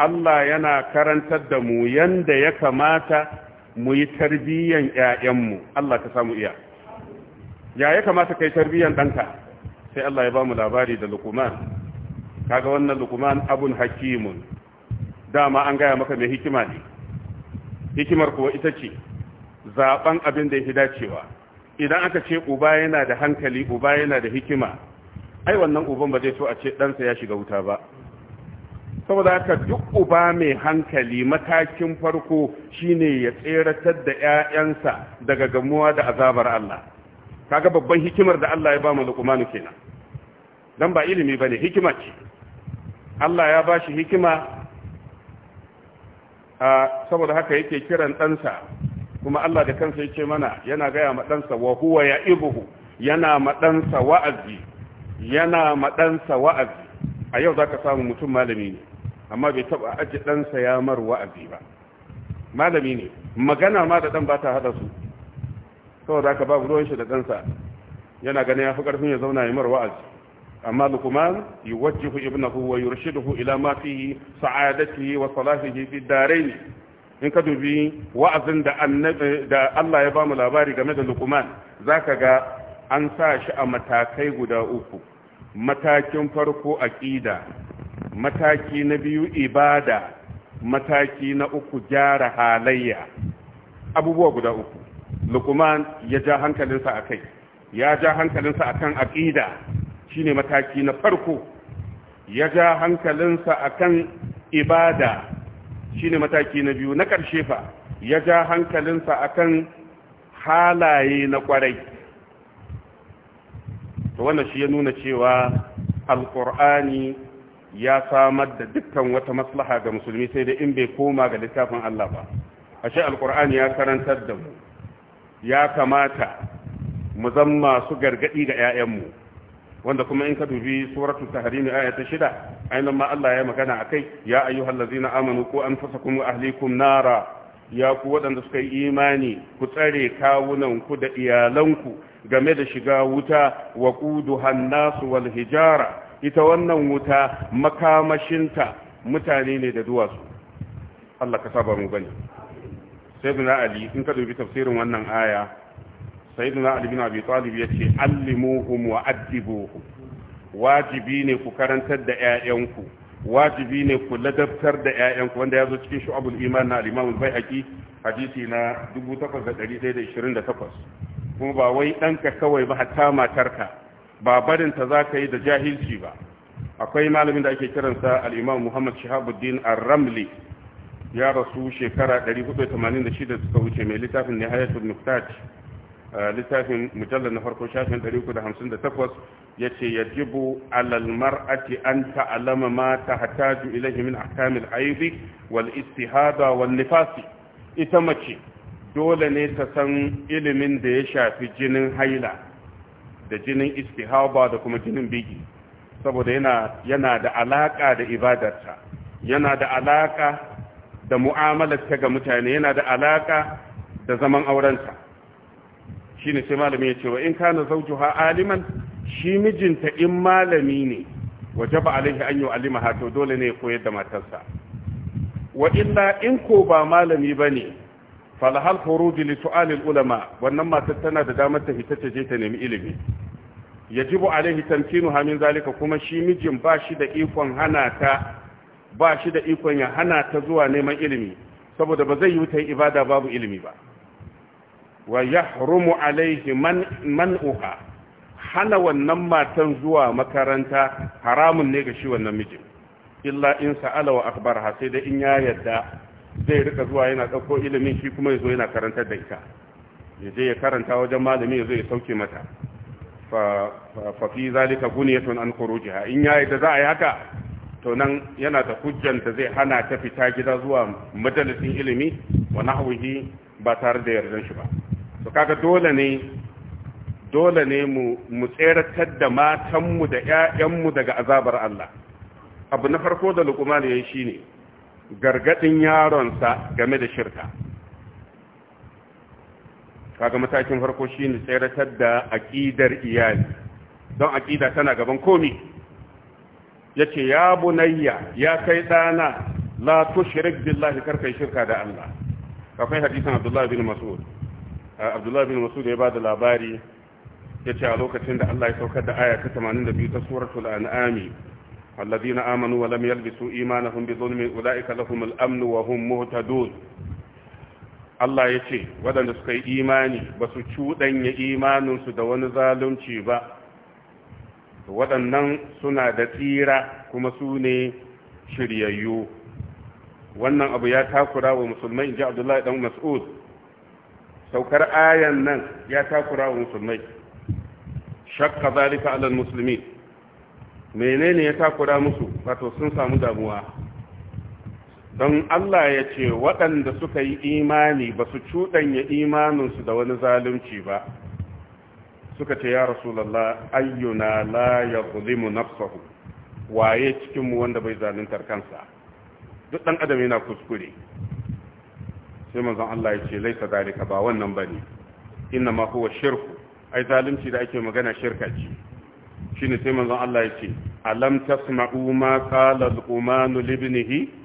Allah yana karantar da mu yanda ya kamata mu yi tarbiyyan ƴaƴanmu Allah ka samu iya ya ya kamata kai tarbiyyan ɗanka sai Allah ya ba mu labari da lukuman kaga wannan lukuman abun hakimun dama an gaya maka mai hikima ne hikimar kuwa ita ce zaban abin da yake dacewa idan aka ce uba yana da hankali uba yana da hikima ai wannan uban ba zai so a ce ɗansa ya shiga wuta ba saboda haka duk uba mai hankali matakin farko shine ya tseratar da 'ya'yansa daga gamuwa da azabar Allah kaga babban hikimar da Allah ya ba mu Luqman kenan dan ba ilimi bane hikima ce Allah ya ba shi hikima saboda haka yake kiran ɗansa kuma Allah da kansa yake mana yana gaya ma ɗansa wa huwa ya ibuhu yana ma ɗansa wa'azi yana ma ɗansa wa'azi a yau zaka samu mutum malami ne amma bai taba aji ɗansa ya mar wa'azi ba malami ne magana ma da ɗan ba ta haɗa su saboda ka babu ruwan shi da ɗansa yana ganin ya fi ƙarfin ya zauna ya mar wa'azi amma lukuman yi wajjihu wa yurshiduhu ila ma fi sa'adatihi wa salahihi fi darain in ka dubi wa'azin da Allah ya ba mu labari game da lukuman zaka ga an sa shi a matakai guda uku matakin farko aqida mataki na biyu ibada mataki na uku gyara halayya abubuwa guda uku lukuman ya ja hankalinsa a kai ya ja hankalinsa a kan aƙida Shi ne mataki na farko ya ja hankalinsa a kan ibada Shi ne mataki na biyu na ƙarshe fa ya ja hankalinsa a kan halaye na ƙwarai to wannan shi ya nuna cewa alƙur'ani ya samar da dukkan wata maslaha ga musulmi sai da in bai koma ga littafin Allah ba ashe alkur'ani ya karantar da mu ya kamata mu zama su gargadi ga 'ya'yanmu wanda kuma in ka dubi suratul tahrim aya ta shida ainihin ma Allah ya magana akai ya ayyuhal ladzina amanu qu anfusakum wa ahlikum nara ya ku waɗanda suka yi imani ku tsare kawunanku da iyalanku game da shiga wuta wa quduhan nasu wal hijara ita wannan wuta makamashinta mutane ne da duwatsu Allah ka saba mu bane sayyidina ali in ka dubi tafsirin wannan aya sayyidina ali bin abi talib ce allimuhum wa addibuhum wajibi ne ku karantar da ƴaƴanku wajibi ne ku ladabtar da ƴaƴanku wanda ya zo cikin shu'abul iman na al-imam al-baihaqi hadisi na 8128 kuma ba wai danka kawai ba hatta matarka ba barinta za ka yi da jahilci ba akwai malamin da ake kiransa al'imam muhammad shahabuddin ar-ramli ya rasu shekara 486 da suka wuce mai littafin ne hayatul muftat eh, littafin mujallar na farko shafin 358 ya ce ya jibu alalmar mar'ati an ta'alama ma ta hataju ilahi min ahkamil aibi wal istihada wal nifasi ita mace dole ne ta san ilimin da ya shafi jinin haila da jinin istihaba da kuma jinin biki saboda yana da alaka da ibadarta, yana da alaka da mu'amalarsa ga mutane yana da alaka da zaman Shi shine sai malami ya ce wa in kana zawjuha aliman shi mijinta in malami ne wajaba alaihi an yu'allimaha to dole ne koyar da matarsa wa illa in ko ba malami bane falahal khuruj li su'al ulama wannan matar tana da damar ta fita ta je ta nemi ilimi yajibu alaihi tamkinu hamin zalika kuma shi mijin ba shi da ikon hana ta ba shi da ikon ya hana ta zuwa neman ilimi saboda ba zai yi ta ibada babu ilimi ba wa yahrumu alaihi man'uha hana wannan matan zuwa makaranta haramun ne ga shi wannan mijin illa in sa'ala wa akbarha sai dai in ya yadda zai rika zuwa yana dauko ilimin shi kuma yazo yana karantar da ita yaje ya karanta wajen malami yazo ya sauke mata fa fi zalika buniyatun an khurujiha in yayi da za a yi haka to nan yana da hujjan da zai hana ta fita gida zuwa majalisin ilimi wa nahwihi ba tare da yardan shi ba to kaga dole ne dole ne mu mu tseratar da matanmu da mu daga azabar Allah abu na farko da Luqman yayi shine gargadin yaronsa game da shirka kaga matakin farko shine tseratar da aƙidar iyali don aƙida tana gaban komi yace ya bunayya ya kai ɗana latu tushrik billahi karka shirka da Allah kafin hadisin Abdullahi bin Mas'ud Abdullahi bin Mas'ud ya da labari ce a lokacin da Allah ya saukar da aya ta 82 ta suratul an'ami alladhina amanu wa lam yalbisu imanahum bi dhulmin ulaika lahumul amn wa hum muhtadun Allah ya ce waɗanda suka yi imani ba su cuɗanya imaninsu da wani zalunci ba waɗannan suna da tsira kuma su ne shiryayyu wannan abu ya takura wa musulmai in ji abdullahi ɗan mas'ud saukar ayan nan ya takura wa musulmai shakka zalika alal musulmi menene ya takura musu wato sun samu damuwa don Allah ya ce waɗanda suka yi imani ba su cuɗanya imaninsu da wani zalunci ba suka ce ya rasulallah ayyuna la ya zulimu nafsahu waye cikinmu wanda bai zaluntar kansa duk ɗan adam yana kuskure sai manzon Allah ya ce laisa dalika ba wannan bane inna ma huwa shirku ai zalunci da ake magana shirka ce shine sai manzon Allah ya ce alam tasma'u ma qala al-umanu libnihi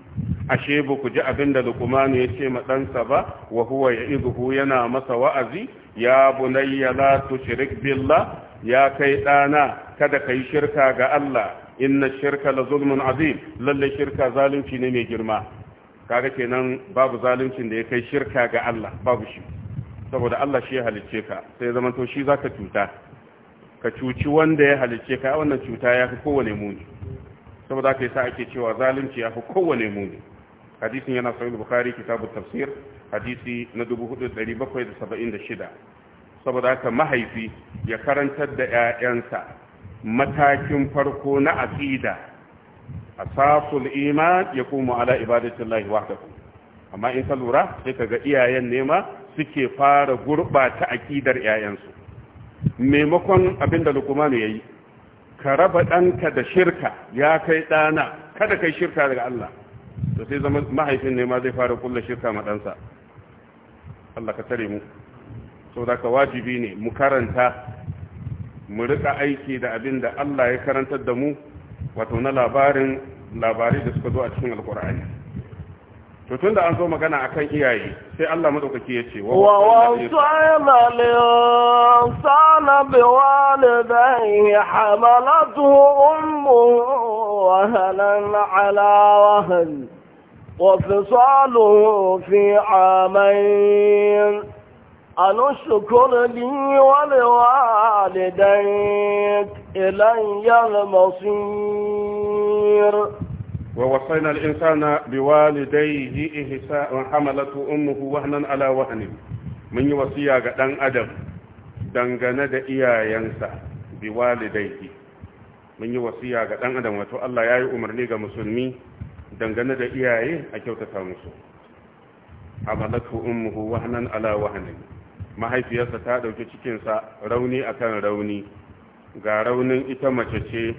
ashe ba ku ji abin da lukumanu ya ce ɗansa ba wa huwa ya izuhu yana masa wa'azi ya bunayya la tushrik billah ya kai ɗana kada ka yi shirka ga Allah inna shirka la zulmun azim lalle shirka zalunci ne mai girma kaga kenan babu zaluncin da ya kai shirka ga Allah babu shi saboda Allah shi ya halicce ka sai zaman to shi zaka cuta ka cuci wanda ya halicce ka wannan cuta ya fi kowane muni saboda haka yasa ake cewa zalunci ya fi kowane muni hadisin yana sahih bukhari kitabu tafsir hadisi na 4776 saboda haka mahaifi ya karantar da ƴaƴansa matakin farko na aqida asasul iman yakumu ala ibadatillahi wahdahu amma in ka lura sai kaga iyayen nema suke fara gurbata aqidar 'ya'yansu maimakon abinda lukumanu yayi ka raba ɗanka da shirka ya kai ɗana kada kai shirka daga Allah to sai zama mahaifin ne ma zai fara kulla shirka ma ɗansa Allah ka tare mu to da ka wajibi ne mu karanta mu rika aiki da abin da Allah ya karantar da mu wato na labarin labarai da suka zo a cikin alkur'ani to tunda an zo magana akan iyaye sai Allah madaukaki ya ce wa wasana linsana bi walidayhi hamalathu ummu wa halan ala wahl wa fisaluhu fi أن اشكر لي ولوالديك إلي المصير ووصينا الإنسان بوالديه إحساء حملته أمه وهنا على وهن من يوصيها دان أدم dangane da iyayensa bi walidaihi mun yi wasiya ga dan adam wato Allah ya yi umarni ga musulmi dangane da iyaye a kyautata musu amalatu ummuhu wahnan ala mahaifiyarsa ta ɗauki cikinsa rauni akan rauni ga raunin ita mace ce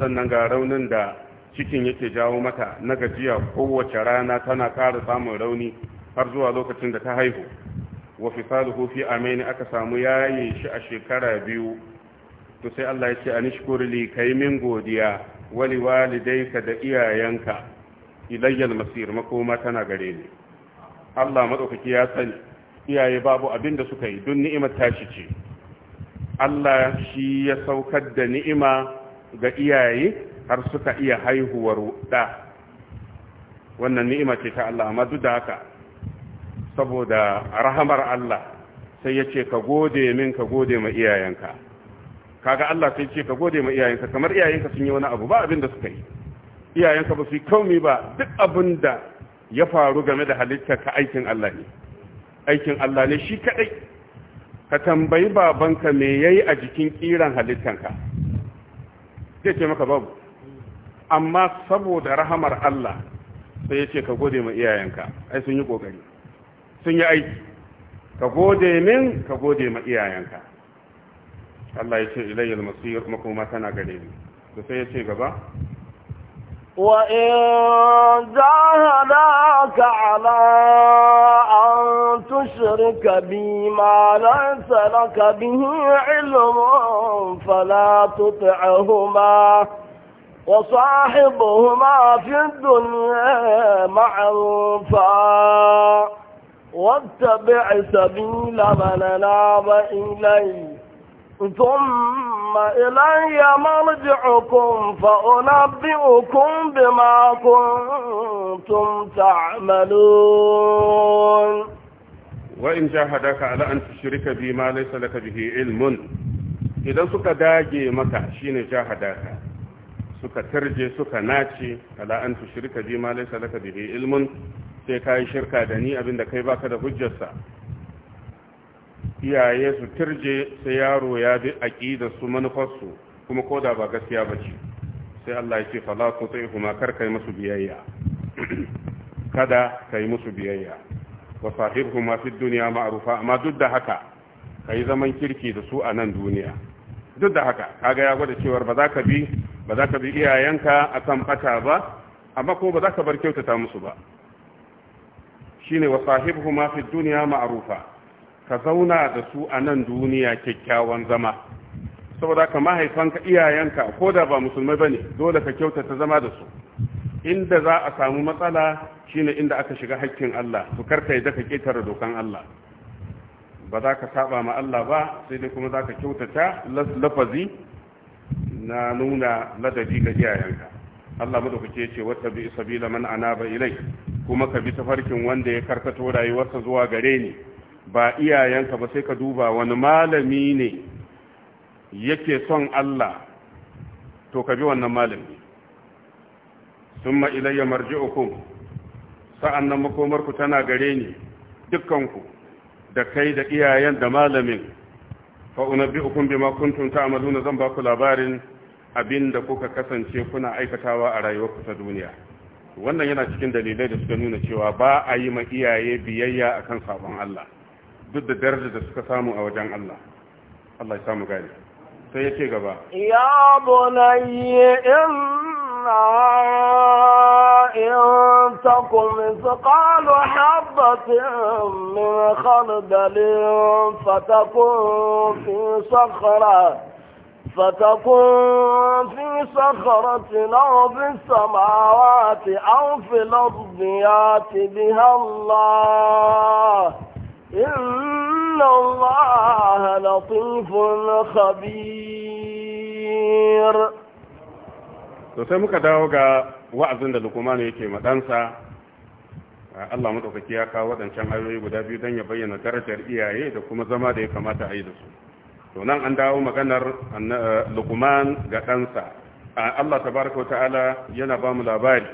sannan ga raunin da cikin yake jawo mata na gajiya kowace rana tana ƙara samun rauni har zuwa lokacin da ta haihu wa fisaluhu fi amaini aka samu yayi shi a shekara biyu to sai Allah ya ce anishkur li kai min godiya wali walidayka da iyayenka ilayyal masir makoma tana gare ni Allah madaukaki ya sani iyaye babu abin da suka yi don ni'imar tashi ce Allah shi ya saukar da ni'ima ga iyaye har suka iya haihuwar da wannan ni'ima ce ta Allah amma duk da haka saboda rahamar Allah sai ya ce ka gode min ka gode ma iyayenka kaga Allah sai ce ka gode ma iyayenka kamar iyayenka sun yi wani abu ba abin da suka yi iyayenka ba su yi kaumi ba duk abin da ya faru game da halitta ka aikin Allah ne aikin Allah ne shi kadai ka tambayi babanka me yayi a jikin kiran halittanka zai ce maka babu amma saboda rahamar Allah sai ya ce ka gode ma iyayenka ai sun yi kokari sun yi aiki ka gode min ka gode ma iyayenka Allah ya ce ilayyal masir makoma tana gare ni to sai ya ce gaba وإن جاهداك على An تشرك بي ما ليس لك به علم فلا تطعهما وصاحبهما في الدنيا معروفا واتبع سبيل من ناب إليه ثم إلي مرجعكم فأنبئكم بما كنتم تعملون وإن جاهدك على أن تشرك بما ليس لك به علم إذا سكداجي داجي شين جاهدك suka tarje suka nace ala an shirka bi ma laysa laka bihi ilmun sai kai shirka da ni abinda kai baka da hujjarsa iyaye su tarje sai yaro ya bi aqida su manufarsu kuma koda ba gaskiya bace sai Allah ya ce fala kuma kar kai musu biyayya <clears throat> kada kai musu biyayya wa sahibhum fi dunya ma'rufa amma duk da haka kai zaman kirki da su a nan duniya duk da haka kaga ya gwada cewa ba za ka bi ba za ka bi iyayenka akan bata ba amma kuma ba za ka bar kyautata musu ba shine wa sahibuhuma fi dunya ma'rufa ka zauna da su a nan duniya kyakkyawan zama saboda ka mahaifanka iyayenka ko da ba musulmai bane dole ka kyautata zama da su inda za a samu matsala shine inda aka shiga haƙƙin Allah to karka yadda ka ketare dokan Allah ba za ka saba ma Allah ba sai dai kuma za ka kyautata lafazi na nuna ladabi ga iyayenka Allah da kuke ce wata bi sabila man anaba ilai kuma ka bi tafarkin wanda ya karkato rayuwarsa zuwa gare ni ba iyayenka ba sai ka duba wani malami ne yake son Allah to ka bi wannan malami summa ilayya marji'ukum sa'annan makomarku tana gare ni dukkanku da kai da iyayen da malamin fa'unabbi'ukum bima kuntum ta'maluna zan ba ku labarin abinda kuka kasance kuna aikatawa a rayuwarku ta duniya wannan yana cikin dalilai da suka nuna cewa ba a yi ma iyaye biyayya a kan sabon Allah duk da darajar da suka samu a wajen Allah Allah ya samu gani sai ya ce gaba ya bunayya إن تقم مثقال حبة من خردل فتكون في صخرة فتكون في صخرة أو في السماوات أو في الأرض يأتي بها الله إن الله لطيف خبير to sai muka dawo ga wa'azin da lukman yake madansa Allah maɗaukaki ya kawo waɗancan ayoyi guda biyu don ya bayyana darajar iyaye da kuma zama da ya kamata a yi da su to nan an dawo maganar lukuman ga ɗansa Allah tabaraka wa ta'ala yana ba mu labari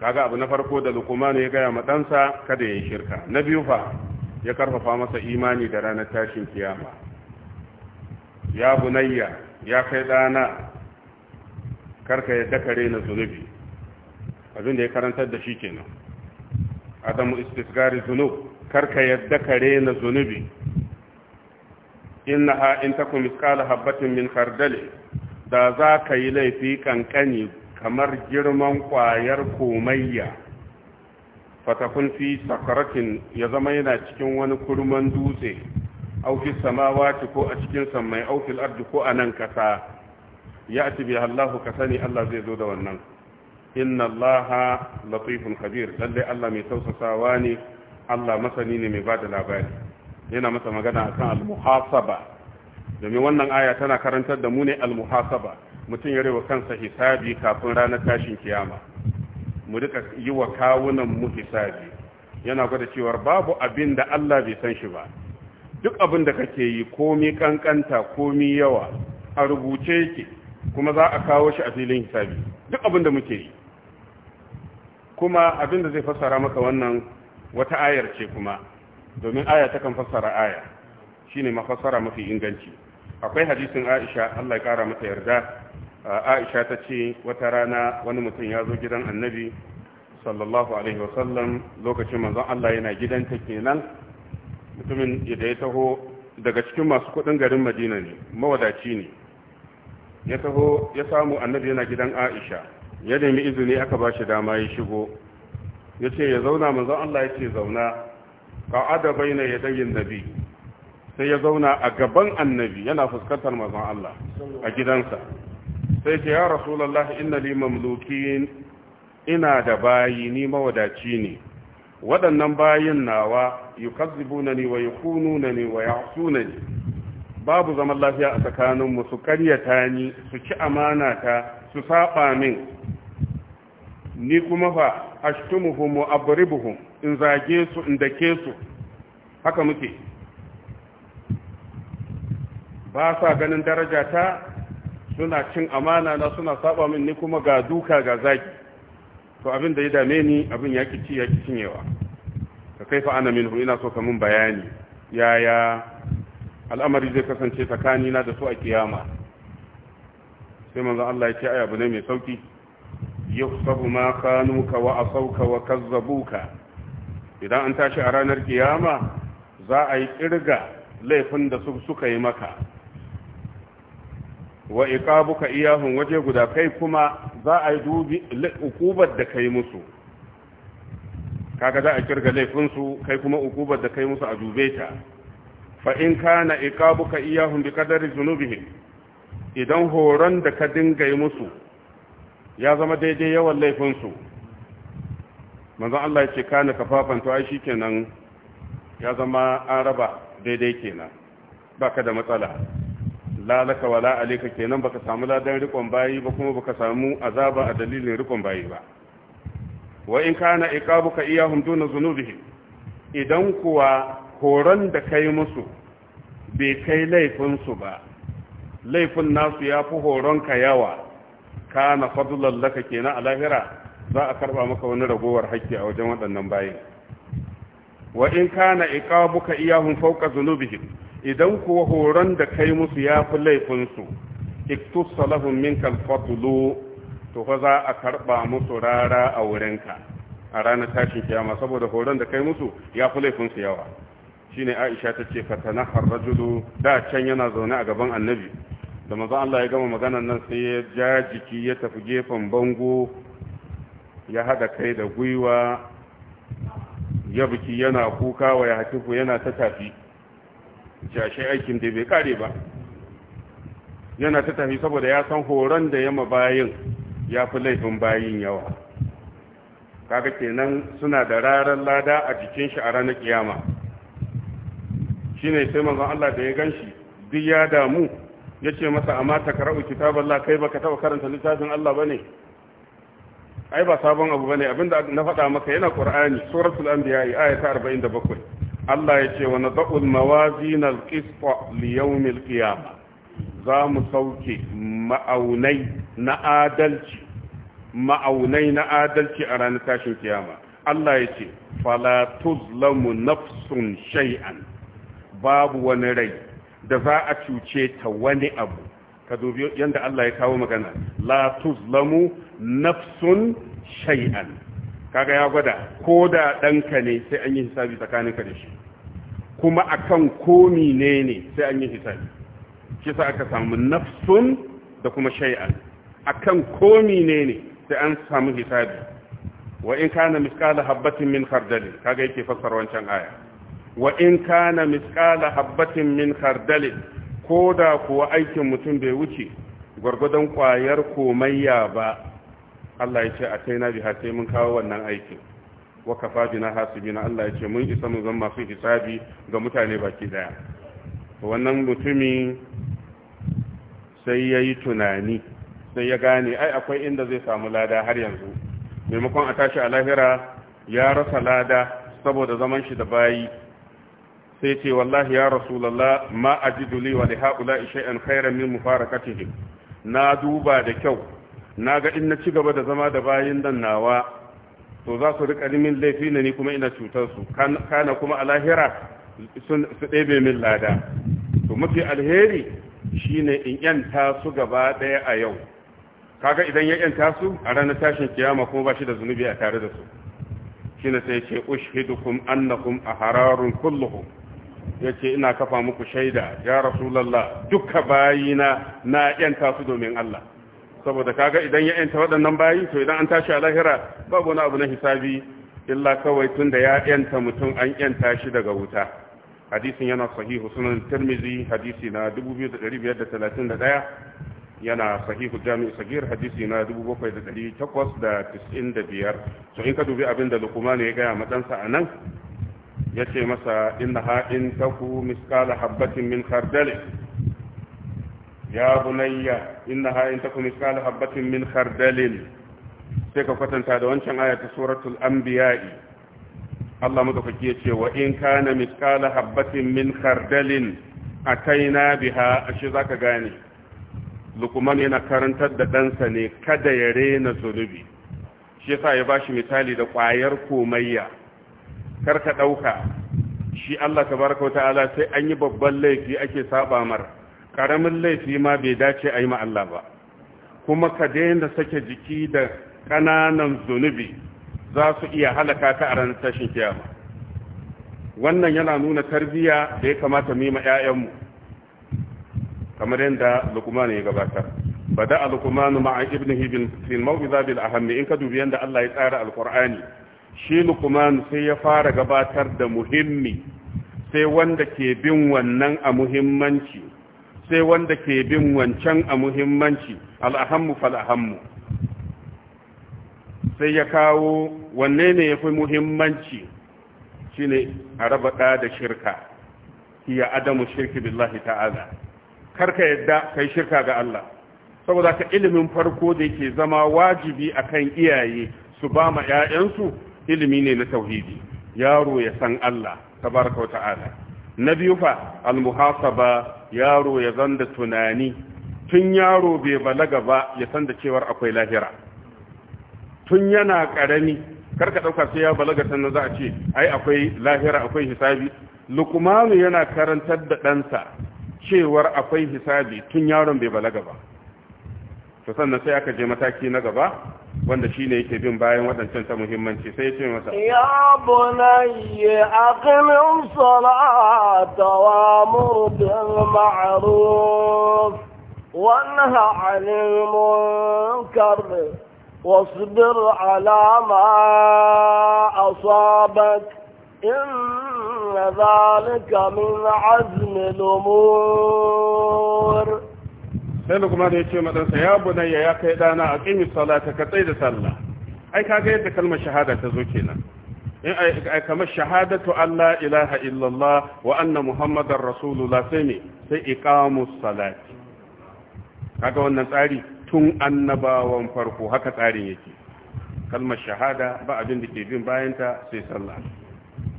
kaga abu na farko da lukuman ya gaya ma ɗansa kada ya yi shirka na biyu fa ya karfafa masa imani da ranar tashin kiyama ya bunayya ya kai ɗana karka ya ka rena zunubi abin da ya karantar da shi kenan adamu istisgari zunub karka yarda ka na zunubi ha in takum misqala habatin min khardali da za ka yi laifi kankani kamar girman kwayar komayya fatakun fi sakaratin ya zama yana cikin wani kurman dutse au samawati ko a cikin samai aufi arziki ko a nan kasa ya'ti biha Allah ka sani Allah zai zo da wannan inna Allah latifun khabir lalle Allah mai tausasawa ne Allah masani ne mai ba da labari yana masa magana akan al-muhasaba domin wannan aya tana karantar da mu ne al-muhasaba mutum ya rewa kansa hisabi kafin ranar tashin kiyama mu duka yi wa kawunan mu hisabi yana gwada cewa babu abin da Allah bai san shi ba duk abin da kake yi komi kankanta komi yawa a rubuce yake kuma za a kawo shi a filin hisabi duk abin da muke yi kuma abin da zai fassara maka wannan wata ayar ce kuma domin aya takan fassara aya shine mafassara mafi inganci akwai hadisin Aisha Allah ya kara mata yarda Aisha ta ce wata rana wani mutum ya zo gidan Annabi sallallahu alaihi wasallam lokacin manzon Allah yana gidan ta kenan mutumin da ya taho daga cikin masu kudin garin Madina ne mawadaci ne ya taho ya samu annabi yana gidan aisha ya nemi izini aka ba shi dama ya shigo ya ce ya zauna manzon Allah ya ce zauna na baina yadayin nabi sai ya zauna a gaban annabi yana fuskantar manzon Allah a gidansa sai ce ya rasulullah inna li mamlukin ina da bayi ni mawadaci ne waɗannan bayin nawa ni wa ni wa yahsunani babu zaman lafiya a tsakaninmu su karyata ni su ci amana ta su saba min ni kuma fa ashtumuhum wa abribuhum in zage su in dake su haka muke ba sa ganin daraja ta suna cin amana na suna saba min ni kuma ga duka ga zaki to abin da ya dame ni abin ya kici ya kicin yawa ka fa ana minhu ina so ka mun bayani yaya al'amari zai kasance tsakanina da su a kiyama sai manzo Allah ya ce ayi abu ne mai sauki yuhsabu ma khanuka wa asauka wa kazzabuka idan an tashi a ranar kiyama za a yi kirga laifin da suka yi maka wa iqabuka iyahun waje guda kai kuma za a yi dubi hukubar da kai musu kaga za a kirga laifin su kai kuma ukubar da kai musu a dube ta fa in kana iqabuka iyahum bi kadari zunubihim idan horon da ka dinga yi musu ya zama daidai yawan laifin su manzo Allah yake kana kafafan to ai shikenan ya zama an raba daidai kenan baka da matsala lalaka wala alika kenan baka samu ladan rikon bayi ba kuma baka samu azaba a dalilin rikon bayi ba wa in kana iqabuka iyahum duna zunubihim idan kuwa horon da kai musu bai kai laifinsu ba laifin nasu ya fi horonka yawa kana fadlan laka kenan a lahira za a karba maka wani ragowar haƙƙi a wajen waɗannan bayin wa in kana iqabuka iyahum fawqa dhunubihim idan kuwa horon da kai musu ya fi laifinsu iktus lahum minka al to fa za a karba musu rara a wurinka a ranar tashin kiyama saboda horon da kai musu ya fi laifinsu yawa shine Aisha ta ce fatana ar-rajulu da can yana zaune a gaban annabi da manzo Allah ya gama magana nan sai ya ja jiki ya tafi gefen bango ya hada kai da gwiwa ya biki yana kuka wa ya hatifu yana ta tafi jashe aikin da bai kare ba yana ta tafi saboda ya san horon da yamma bayin ya fi laifin bayin yawa kaga kenan suna da rarar lada a jikin shi a ranar kiyama shine sai manzon Allah da ya ganshi duk ya damu yace masa amma ta karau kitaballah kai baka taba karanta littafin Allah bane ai ba sabon abu bane abinda na faɗa maka yana Qur'ani suratul anbiya aya ta 47 Allah yace wa nadul mawazin alqist li yawm alqiyamah za mu sauke ma'aunai na adalci ma'aunai na adalci a ranar tashin kiyama Allah ya ce fala tuzlamu nafsun shay'an babu wani rai da za a cuce ta wani abu ka dubi yadda Allah ya kawo magana la tuzlamu nafsun shay'an kaga ya gwada ko da ɗanka ne sai an yi hisabi tsakanin da shi kuma akan komi ne ne sai an yi hisabi shi sa aka samu nafsun da kuma shay'an akan komi ne ne sai an samu hisabi wa in kana miskala habatin min khardal kaga yake fassara wancan aya wa in kana misqala habbatin min khardal ko da kuwa aikin mutum bai wuce gurgudan kwayar komayya ba Allah ya ce a kaina na hace mun kawo wannan aikin wa kafa bina hasibina Allah ya ce mun isa mun zama masu hisabi ga mutane baki daya wannan mutumi sai ya yi tunani sai ya gane ai akwai inda zai samu lada har yanzu maimakon a tashi a lahira ya rasa lada saboda zaman shi da bayi sai ce wallahi ya rasulullah ma ajidu li wa li haula shay'an khairan min mufarakatihim na duba da kyau naga ga in na cigaba da zama da bayin dan nawa to za su rika min laifi ne kuma ina cutar su kana kuma a lahira sun su ɗebe min lada to mafi alheri shine in yanta su gaba ɗaya a yau kaga idan ya yanta su a ranar tashin kiyama kuma ba shi da zunubi a tare da su shine sai ce ushhidukum annakum ahararun kulluhum ya ce ina kafa muku shaida ya rasulallah duka bayina na yanta su domin Allah saboda kaga idan ya yanta waɗannan bayi to idan an tashi a lahira babu wani abu na hisabi illa kawai tun da ya yanta mutum an yanta shi daga wuta hadisin yana sahihu sunan tirmizi hadisi na 2531 yana sahihu jami'u sagir hadisi na 7895 to in ka dubi abin da lukuma ne ya gaya matsansa a nan ya ce masa inna ha'in taku miskala habbatin min khardalin ya bunayya inna ha'in taku miskala habbatin min khardalin sai ka kwatanta da wancan aya ta suratul anbiya'i Allah madaukaki ya ce wa in kana miskala habbatin min khardalin ataina biha ashe zaka gane lukuman yana karantar da ɗansa ne kada ya rena zunubi shi yasa ya bashi misali da ƙwayar komayya kar ka ɗauka shi Allah tabaraka wata'ala sai an yi babban laifi ake saba mar karamin laifi ma bai dace a yi ma Allah ba kuma ka daina sake jiki da ƙananan zunubi za su iya halaka ta a ranar tashin kiyama wannan yana nuna tarbiyya da ya kamata mu yi ma 'ya'yanmu kamar yadda lukman ya gabatar bada al-lukman ma'a ibnihi bil maw'iza bil ahammi in ka dubi yadda Allah ya tsara alqur'ani shi lukman sai ya fara gabatar da muhimmi sai wanda ke bin wannan a muhimmanci sai wanda ke bin wancan a muhimmanci al'ahammu fal'ahammu sai ya kawo wanne ne ya fi muhimmanci shi ne a raba ɗa da shirka ya adamu shirki billahi ta'ala karka yadda kai shirka ga Allah saboda ka ilimin farko da yake zama wajibi akan iyaye su ba ma 'ya'yansu ilimi ne na tauhidi yaro ya san Allah tabaraka wa ta'ala na biyu fa al-muhasaba yaro ya zan da tunani tun yaro bai balaga ba ya san da cewar akwai lahira tun yana karami karka dauka sai ya balaga sannan za a ce ai akwai lahira akwai hisabi lukmanu yana karantar da ɗansa cewar akwai hisabi tun yaron bai balaga ba to sannan sai aka je mataki na gaba wanda shine yake bin bayan waɗancan ta muhimmanci sai ya ce masa ya bunayya aqim salata wa amur bil ma'ruf wa nahy 'anil munkar واصبر على ما أصابك إن ذلك من عزم الأمور sai da ya ce madansa ya bunayya ya kai dana a kimi salata ka tsaye da sallah ai kaga yadda kalmar shahada ta zo kenan in ai kamar shahadatu Allah ilaha illallah wa anna muhammadar rasulullah sai ne sai iqamus salati kaga wannan tsari tun annabawan farko haka tsarin yake kalmar shahada ba abin da ke bin bayanta sai sallah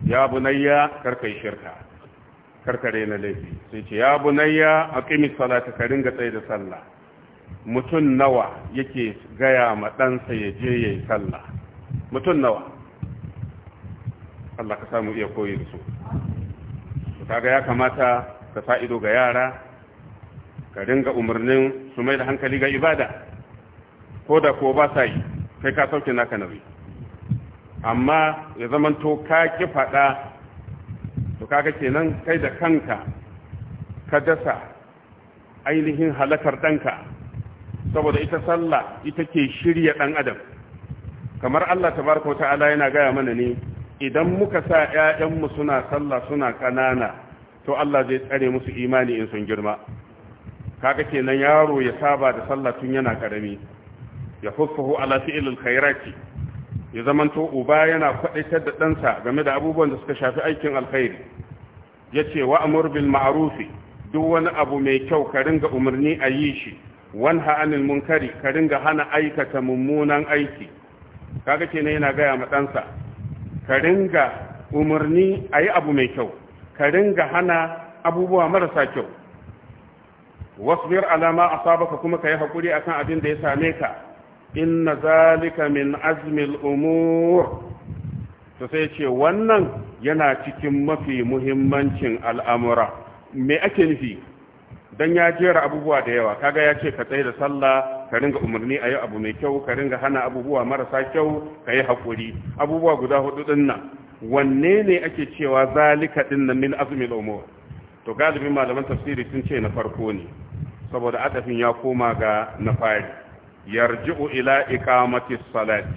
ya bunayya karkai shirka karkare na laifi sai ce ya bunayya aqimi salata ka ringa tsaye da sallah mutun nawa yake gaya ma ɗansa ya je yayi sallah mutun nawa Allah ka samu iya koyi da su kaga ya kamata ka sa ido ga yara ka ringa umarnin su mai da hankali ga ibada ko da ko ba sa yi kai ka sauke naka nauyi amma ya zamanto ka ki faɗa to kaga kenan kai da kanka ka dasa ainihin halakar ɗanka saboda ita sallah ita ke shirya ɗan adam kamar Allah Ta barka wata ala yana gaya mana ne idan muka sa ‘ya'yanmu suna sallah suna ƙanana to Allah zai tsare musu imani in sun girma kaga kenan yaro ya saba da sallah tun yana ƙarami ya huffahu ala fi'ilil khairati ya zamanto uba yana kwaɗaitar da ɗansa game da abubuwan da suka shafi aikin alkhairi yace wa amur bil ma'rufi duk wani abu mai kyau ka ringa umarni a yi shi Wani anil munkari ka ringa hana aikata mummunan aiki kaga ne yana gaya ma ɗansa ka ringa umarni a yi abu mai kyau ka ringa hana abubuwa marasa kyau wasbir alama asabaka kuma ka yi haƙuri akan abin da ya same ka inna zalika min azmil umur to sai ce wannan yana cikin mafi muhimmancin al'amura me ake nufi don ya jera abubuwa da yawa kaga ya ce ka tsaye da sallah ka ringa umarni a yi abu mai kyau ka ringa hana abubuwa marasa kyau ka yi haƙuri abubuwa guda hudu din nan wanne ne ake cewa zalika din nan min azumi umur to galibin malaman tafsiri sun ce na farko ne saboda adafin ya koma ga na fari yarji'u ila iqamati salati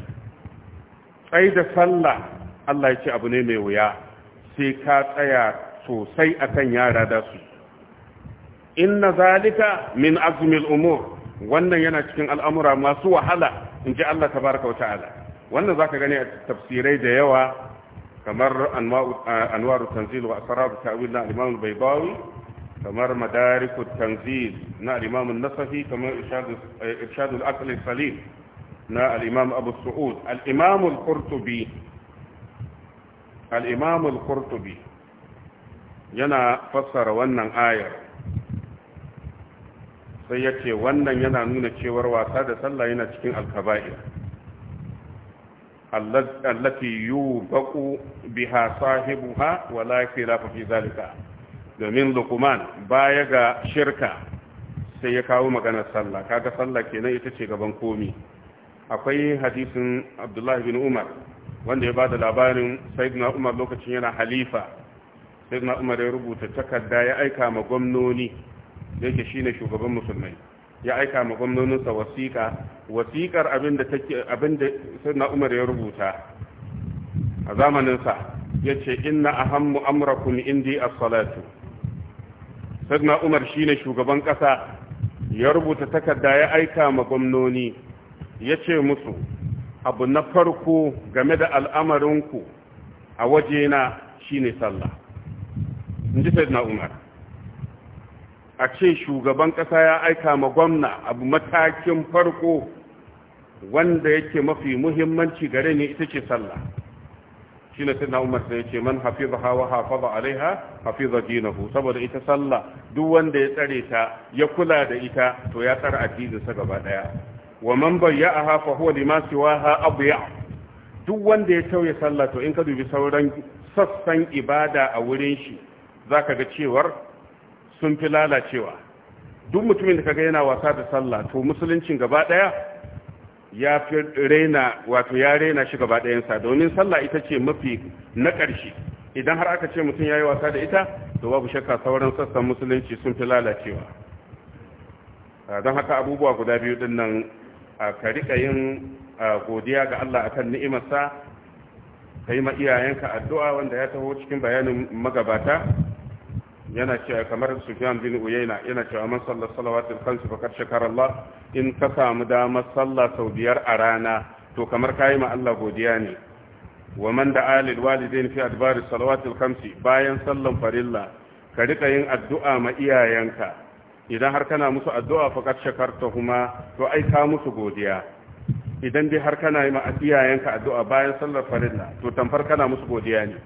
tsaye da sallah Allah ya ce abu ne mai wuya sai ka tsaya sosai akan yara da su na zalika min azmil umur wannan yana cikin al'amura masu wahala in ji Allah ta wata ala, wannan za ka gani a tafsirai da yawa kamar anwaru tanzil wa asrar ta'wil na imam al-baydawi kamar madariku tanzil na imam an-nasafi kamar irshad al-aql salim na al-imam abu su'ud al-imam al kurtubi al-imam yana fassara wannan ayar sai ya ce wannan yana nuna cewar wasa da sallah yana cikin alkaba'ir allati yubaqu biha sahibuha wa la khilafa fi zalika domin lukman baya ga shirka sai ya kawo maganar sallah kaga sallah kenan ita ce gaban komi akwai hadisin abdullahi bin umar wanda ya ba da labarin sayyidina umar lokacin yana halifa sayyidina umar ya rubuta takarda ya aika ma gwamnoni yake shine shugaban musulmai ya aika ma gwamnoninsa wasiƙa wasiƙar abin da umar ya rubuta a zamaninsa ya ce inna ahammu amrakum indi as-salatu sayyidina umar shine shugaban ƙasa ya rubuta takarda ya aika ma gwamnoni ya ce musu abu na farko game da al'amarinku a wajena shine sallah in ji na umar a ce shugaban ƙasa ya aika ma gwamna abu matakin farko wanda yake mafi muhimmanci gare ne ita ce sallah shi ne na umar sai ce man za hawa hafaza alaiha hafiza dinahu saboda ita sallah duk wanda ya tsare ta ya kula da ita to ya tsara sa gaba daya wa man bayya'aha fa huwa lima siwaha abya duk wanda ya tauye sallah to in ka dubi sauran sassan ibada a wurin shi zaka ga cewar sun fi lalacewa duk mutumin da kaga yana wasa da sallah to musuluncin gaba daya ya fi raina wato ya raina shi gaba sa domin sallah ita ce mafi na ƙarshe idan har aka ce mutum yayi wasa da ita to babu shakka sauran sassan musulunci sun fi lalacewa don haka abubuwa guda biyu din nan ka riƙa yin godiya ga Allah akan ni'imarsa ka yi ma iyayenka addu'a wanda ya taho cikin bayanin magabata yana cewa kamar Sufyan bin uyaina yana cewa man sallar salawatul khamsu fa shekarar Allah in ka samu damar sallah sau biyar a rana to kamar kayi ma Allah godiya ne wa man da alil walidain fi adbari salawatul khamsi bayan sallan farilla ka rika yin addu'a ma iyayenka idan har kana musu addu'a faqad shakarta kuma to ai ka musu godiya idan dai har kana yi ma iyayenka addu'a bayan sallar farilla to tamfar kana musu godiya ne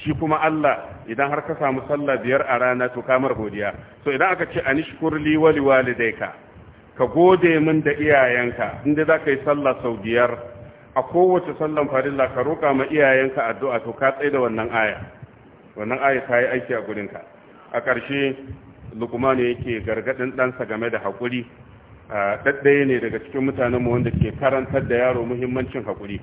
shi kuma Allah idan har ka samu sallah biyar a rana to kamar godiya so idan aka ce anishkur li wali walidayka ka gode min da iyayenka inda za ka yi sallah sau biyar a kowace sallan farilla ka roƙa ma iyayenka addu'a to ka tsaye da wannan aya wannan aya ta yi aiki a gurinka a ƙarshe lukumanu yake gargadin ɗansa game da haƙuri ɗaɗɗaya ne daga cikin mutanenmu wanda ke karantar da yaro muhimmancin haƙuri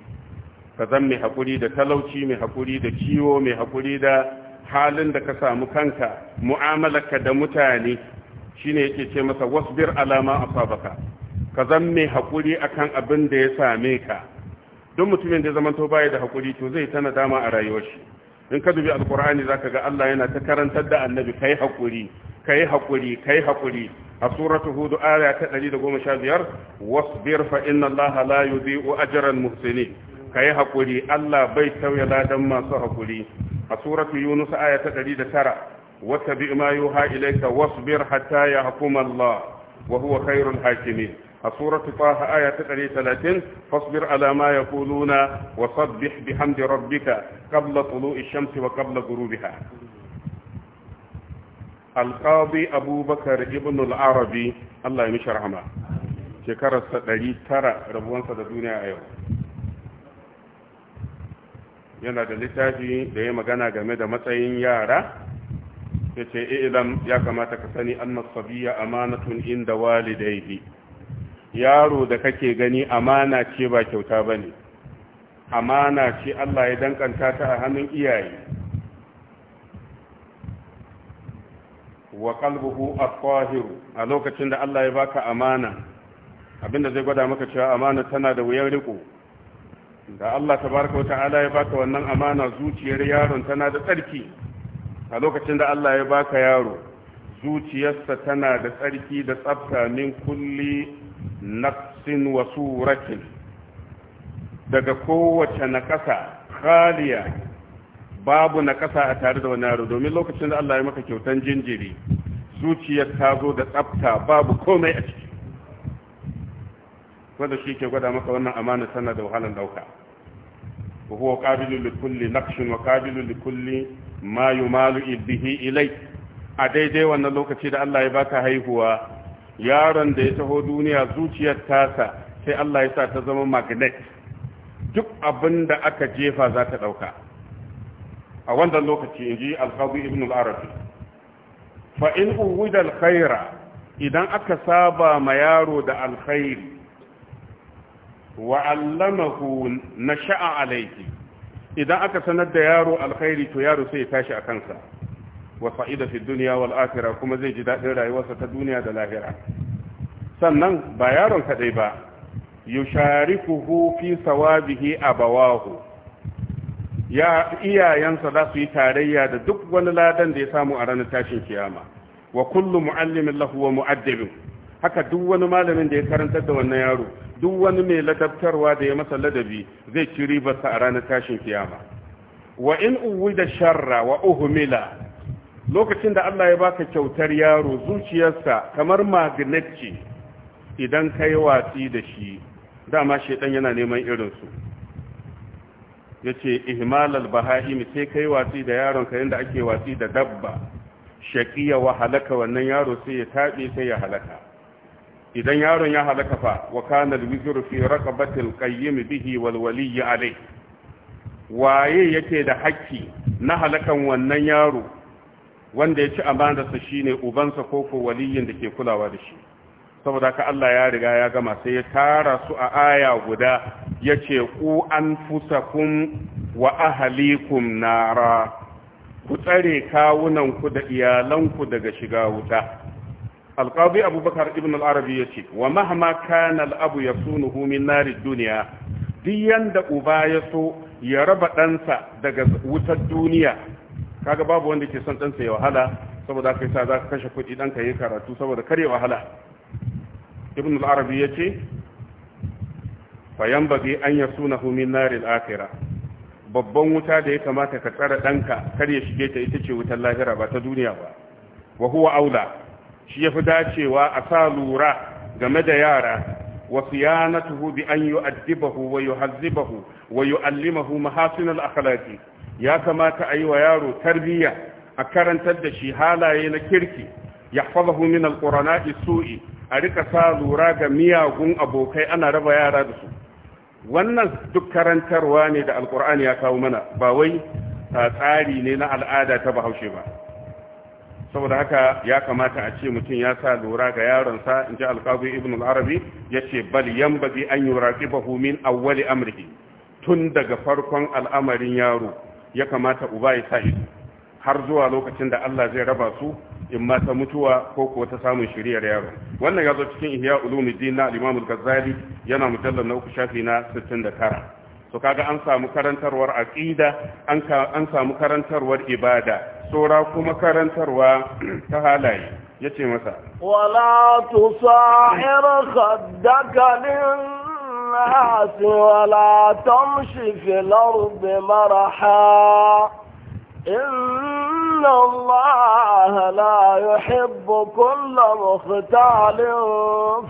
ka zan mai haƙuri da talauci mai haƙuri da ciwo mai haƙuri da halin da ka samu kanka mu'amalarka da mutane shi ne yake ce masa wasu wasbir alama sabaka ka zan mai haƙuri kan abin da ya same ka don mutumin da ya to baya da haƙuri to zai tana dama a rayuwar shi in ka dubi alƙur'ani zaka ga Allah yana ta karantar da annabi kai haƙuri kai hakuri kai hakuri a suratu hudu aya ta 115 wasbir fa inna allaha la yudhi'u ajra al ka yi hakuri Allah bai tauye ladan masu hakuri a suratu yunus aya ta 109 wattabi ma yuha ilayka wasbir hatta yahkuma Allah wa huwa khairul hakimi a suratu faha aya ta 130 fasbir alama ma yaquluna wa sabbih bihamdi rabbika qabla tulu'i shamsi wa qabla gurubiha alƙabi abubakar ibn al-arabi Allah ya mishi rahama shekararsa ɗari tara rabuwansa da duniya a yau yana da littafi da ya magana game da matsayin yara ya ce ya kamata ka sani annas sabiya amanatun inda walidaihi yaro da kake gani amana ce ba kyauta ne amana ce Allah ya dankanta ta a hannun iyaye wa kalbuhu at-tahir a lokacin da Allah ya baka amana abinda zai gwada maka cewa amana tana da wuyan riko da Allah tabaraka wata'ala ya baka wannan amana zuciyar yaron tana da tsarki a lokacin da Allah ya baka yaro zuciyarsa tana da tsarki da tsafta min kulli nafsin wa suratin daga kowace nakasa khaliya babu na kasa a tare da wani yaro domin lokacin da Allah ya maka kyautan jinjiri zuciyar ta zo da tsafta babu komai a ciki wanda shi ke gwada maka wannan amana tana da wahalan dauka wa huwa qabilu li kulli naqshin wa qabilu li kulli ma yumalu bihi ilai a daidai wannan lokaci da Allah ya baka haihuwa yaron da ya taho duniya zuciyar tasa sai Allah ya sa ta zama magnet duk abinda aka jefa za ta dauka a wannan lokaci in ji alkazu ibn al-arabi fa alkhaira idan aka saba ma yaro da alkhairi wa na sha'a alaiki, idan aka sanar da yaro alkhairi to yaro sai ya tashi a kansa wa fa'ida fi dunya wal kuma zai ji daɗin rayuwarsa ta duniya da lahira sannan ba yaron kaɗai ba yusharifuhu fi sawabihi abawahu ya iyayensa za su yi tarayya da duk wani ladan da ya samu a ranar tashin kiyama wa kullu muallimin lahu wa mu'addibin haka duk wani malamin da ya karanta da wannan yaro duk wani mai ladabtarwa da ya masa ladabi zai ci ribarsa a ranar tashin kiyama wa in uwida sharra wa uhmila lokacin da Allah ya baka kyautar yaro zuciyarsa kamar magnet ce idan kai watsi da shi dama shedan yana neman irin su yace ihmalal baha'imi sai kai watsi da yaron ka yadda ake watsi da dabba shaƙiya wa halaka wannan yaro sai ya taɓe sai ya halaka idan yaron ya halaka fa wa kana alwizru fi raqabatil qayyim bihi wal waliy alayh waye yake da haƙƙi na halakan wannan yaro wanda ya ci amanarsa shine ubansa koko waliyin da ke kulawa da shi saboda ka Allah ya riga ya gama sai ya tara su a aya guda ya ce ku an fusakun wa ahalikum nara ku tsare kawunanku da iyalanku daga shiga wuta alƙabi abubakar ibn al-arabi ya ce wa mahama kana al'abu ya sunuhu min nari duniya duk yanda uba ya so ya raba ɗansa daga wutar duniya kaga babu wanda ke son ɗansa ya wahala saboda aka yi sa za ka kashe kuɗi ɗanka yi karatu saboda kar wahala ibn al ya ce fa yanbaghi an yasunahu min naril babban wuta da ya kamata ka tsara danka kar ya shige ta ita ce wutar lahira ba ta duniya ba wa huwa aula shi yafi dacewa a sa lura game da yara wa siyanatuhu bi an yu'addibahu wa yuhazzibahu wa yu'allimahu mahasin al-akhlaqi ya kamata a yi wa yaro tarbiyya a karantar da shi halaye na kirki ya fazahu min alƙurana isu'i a rika sa lura ga miyagun abokai ana raba yara da su wannan duk karantarwa ne da alkur'ani ya kawo mana ba wai tsari ne na al'ada ta bahaushe ba saboda haka ya kamata a ce mutum ya sa lura ga yaronsa in ji alkazu ibn al-arabi ya ce bal yambazi an yurafi bahu min awwali amrihi tun daga farkon al'amarin yaro ya kamata uba ya sa ido har zuwa lokacin da Allah zai raba su in ma ta mutuwa ko kuwa ta samun shiriyar yaro wannan ya zo cikin ihya ulumuddin na al-imam al-ghazali yana mujallal na uku shafi na 69 so kaga an samu karantarwar aqida an an samu karantarwar ibada sora kuma karantarwa <clears throat> ta halaye yace masa wala tusair khaddaka lin الناس ولا تمشي في الأرض مرحا إن الله لا يحب كل مختال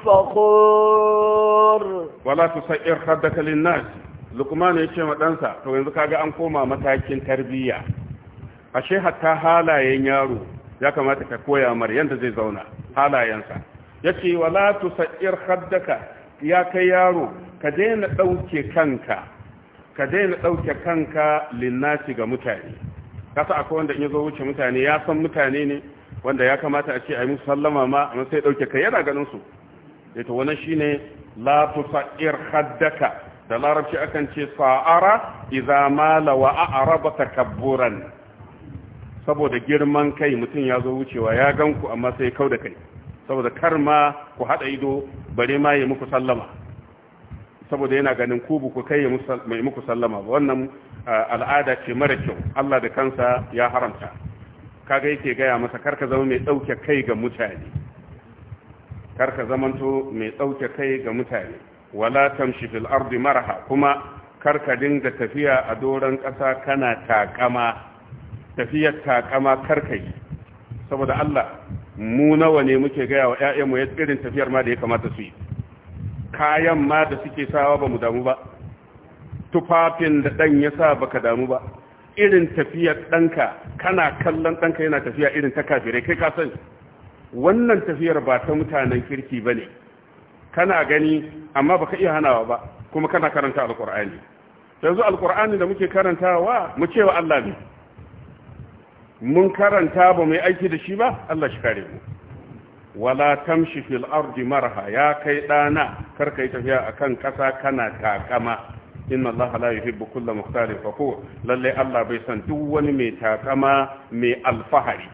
فخور ولا تسعر خدك للناس لقمان يشي مدنسا تو yanzu kaga an koma matakin tarbiyya ashe hatta halayen yaro ya kamata ka koya mar yanda zai zauna halayensa yace wala tusair khaddaka ya kai yaro ka daina ɗauke kanka ka ga mutane kasa akwai wanda in ya zo wuce mutane ya san mutane ne wanda ya kamata a ce a yi musu sallama ma amma sai dauke kai yana ganin su eh, to wannan shine la tusair haddaka da larabci akan ce sa'ara idza mala wa a'raba takabburan saboda girman kai mutum ya zo wucewa ya ganku amma sai kau kai saboda kar ma ku haɗa ido bare ma yi muku sallama saboda yana ganin ku ku kai mai muku sallama ba wannan al'ada ce mara kyau Allah da kansa ya haramta kaga yake gaya masa karka zama mai ɗauke kai ga mutane karka to mai ɗauke kai ga mutane wala tamshi fil ardi maraha kuma karka dinga tafiya a doron ƙasa kana takama tafiyar takama karka yi saboda Allah mu nawa ne muke gaya wa 'ya'yanmu ya tsirin tafiyar ma da ya kamata su yi kayan ma da suke sawa ba mu damu ba tufafin da ɗan ya sa baka damu ba irin tafiyar ɗanka kana kallon ɗanka yana tafiya irin ta kafirai kai ka san wannan tafiyar ba ta mutanen kirki ba ne kana gani amma baka iya hanawa ba kuma kana karanta alkur'ani yanzu alkur'ani da muke karantawa mu cewa Allah ne mun karanta ba mai aiki da shi ba Allah shi kare mu wala tamshi fil ardi marha ya kai dana kar kai tafiya akan kasa kana takama inna Allah la yuhibbu kulla mukhtalin fakhur lalle Allah bai san duk wani mai takama mai alfahari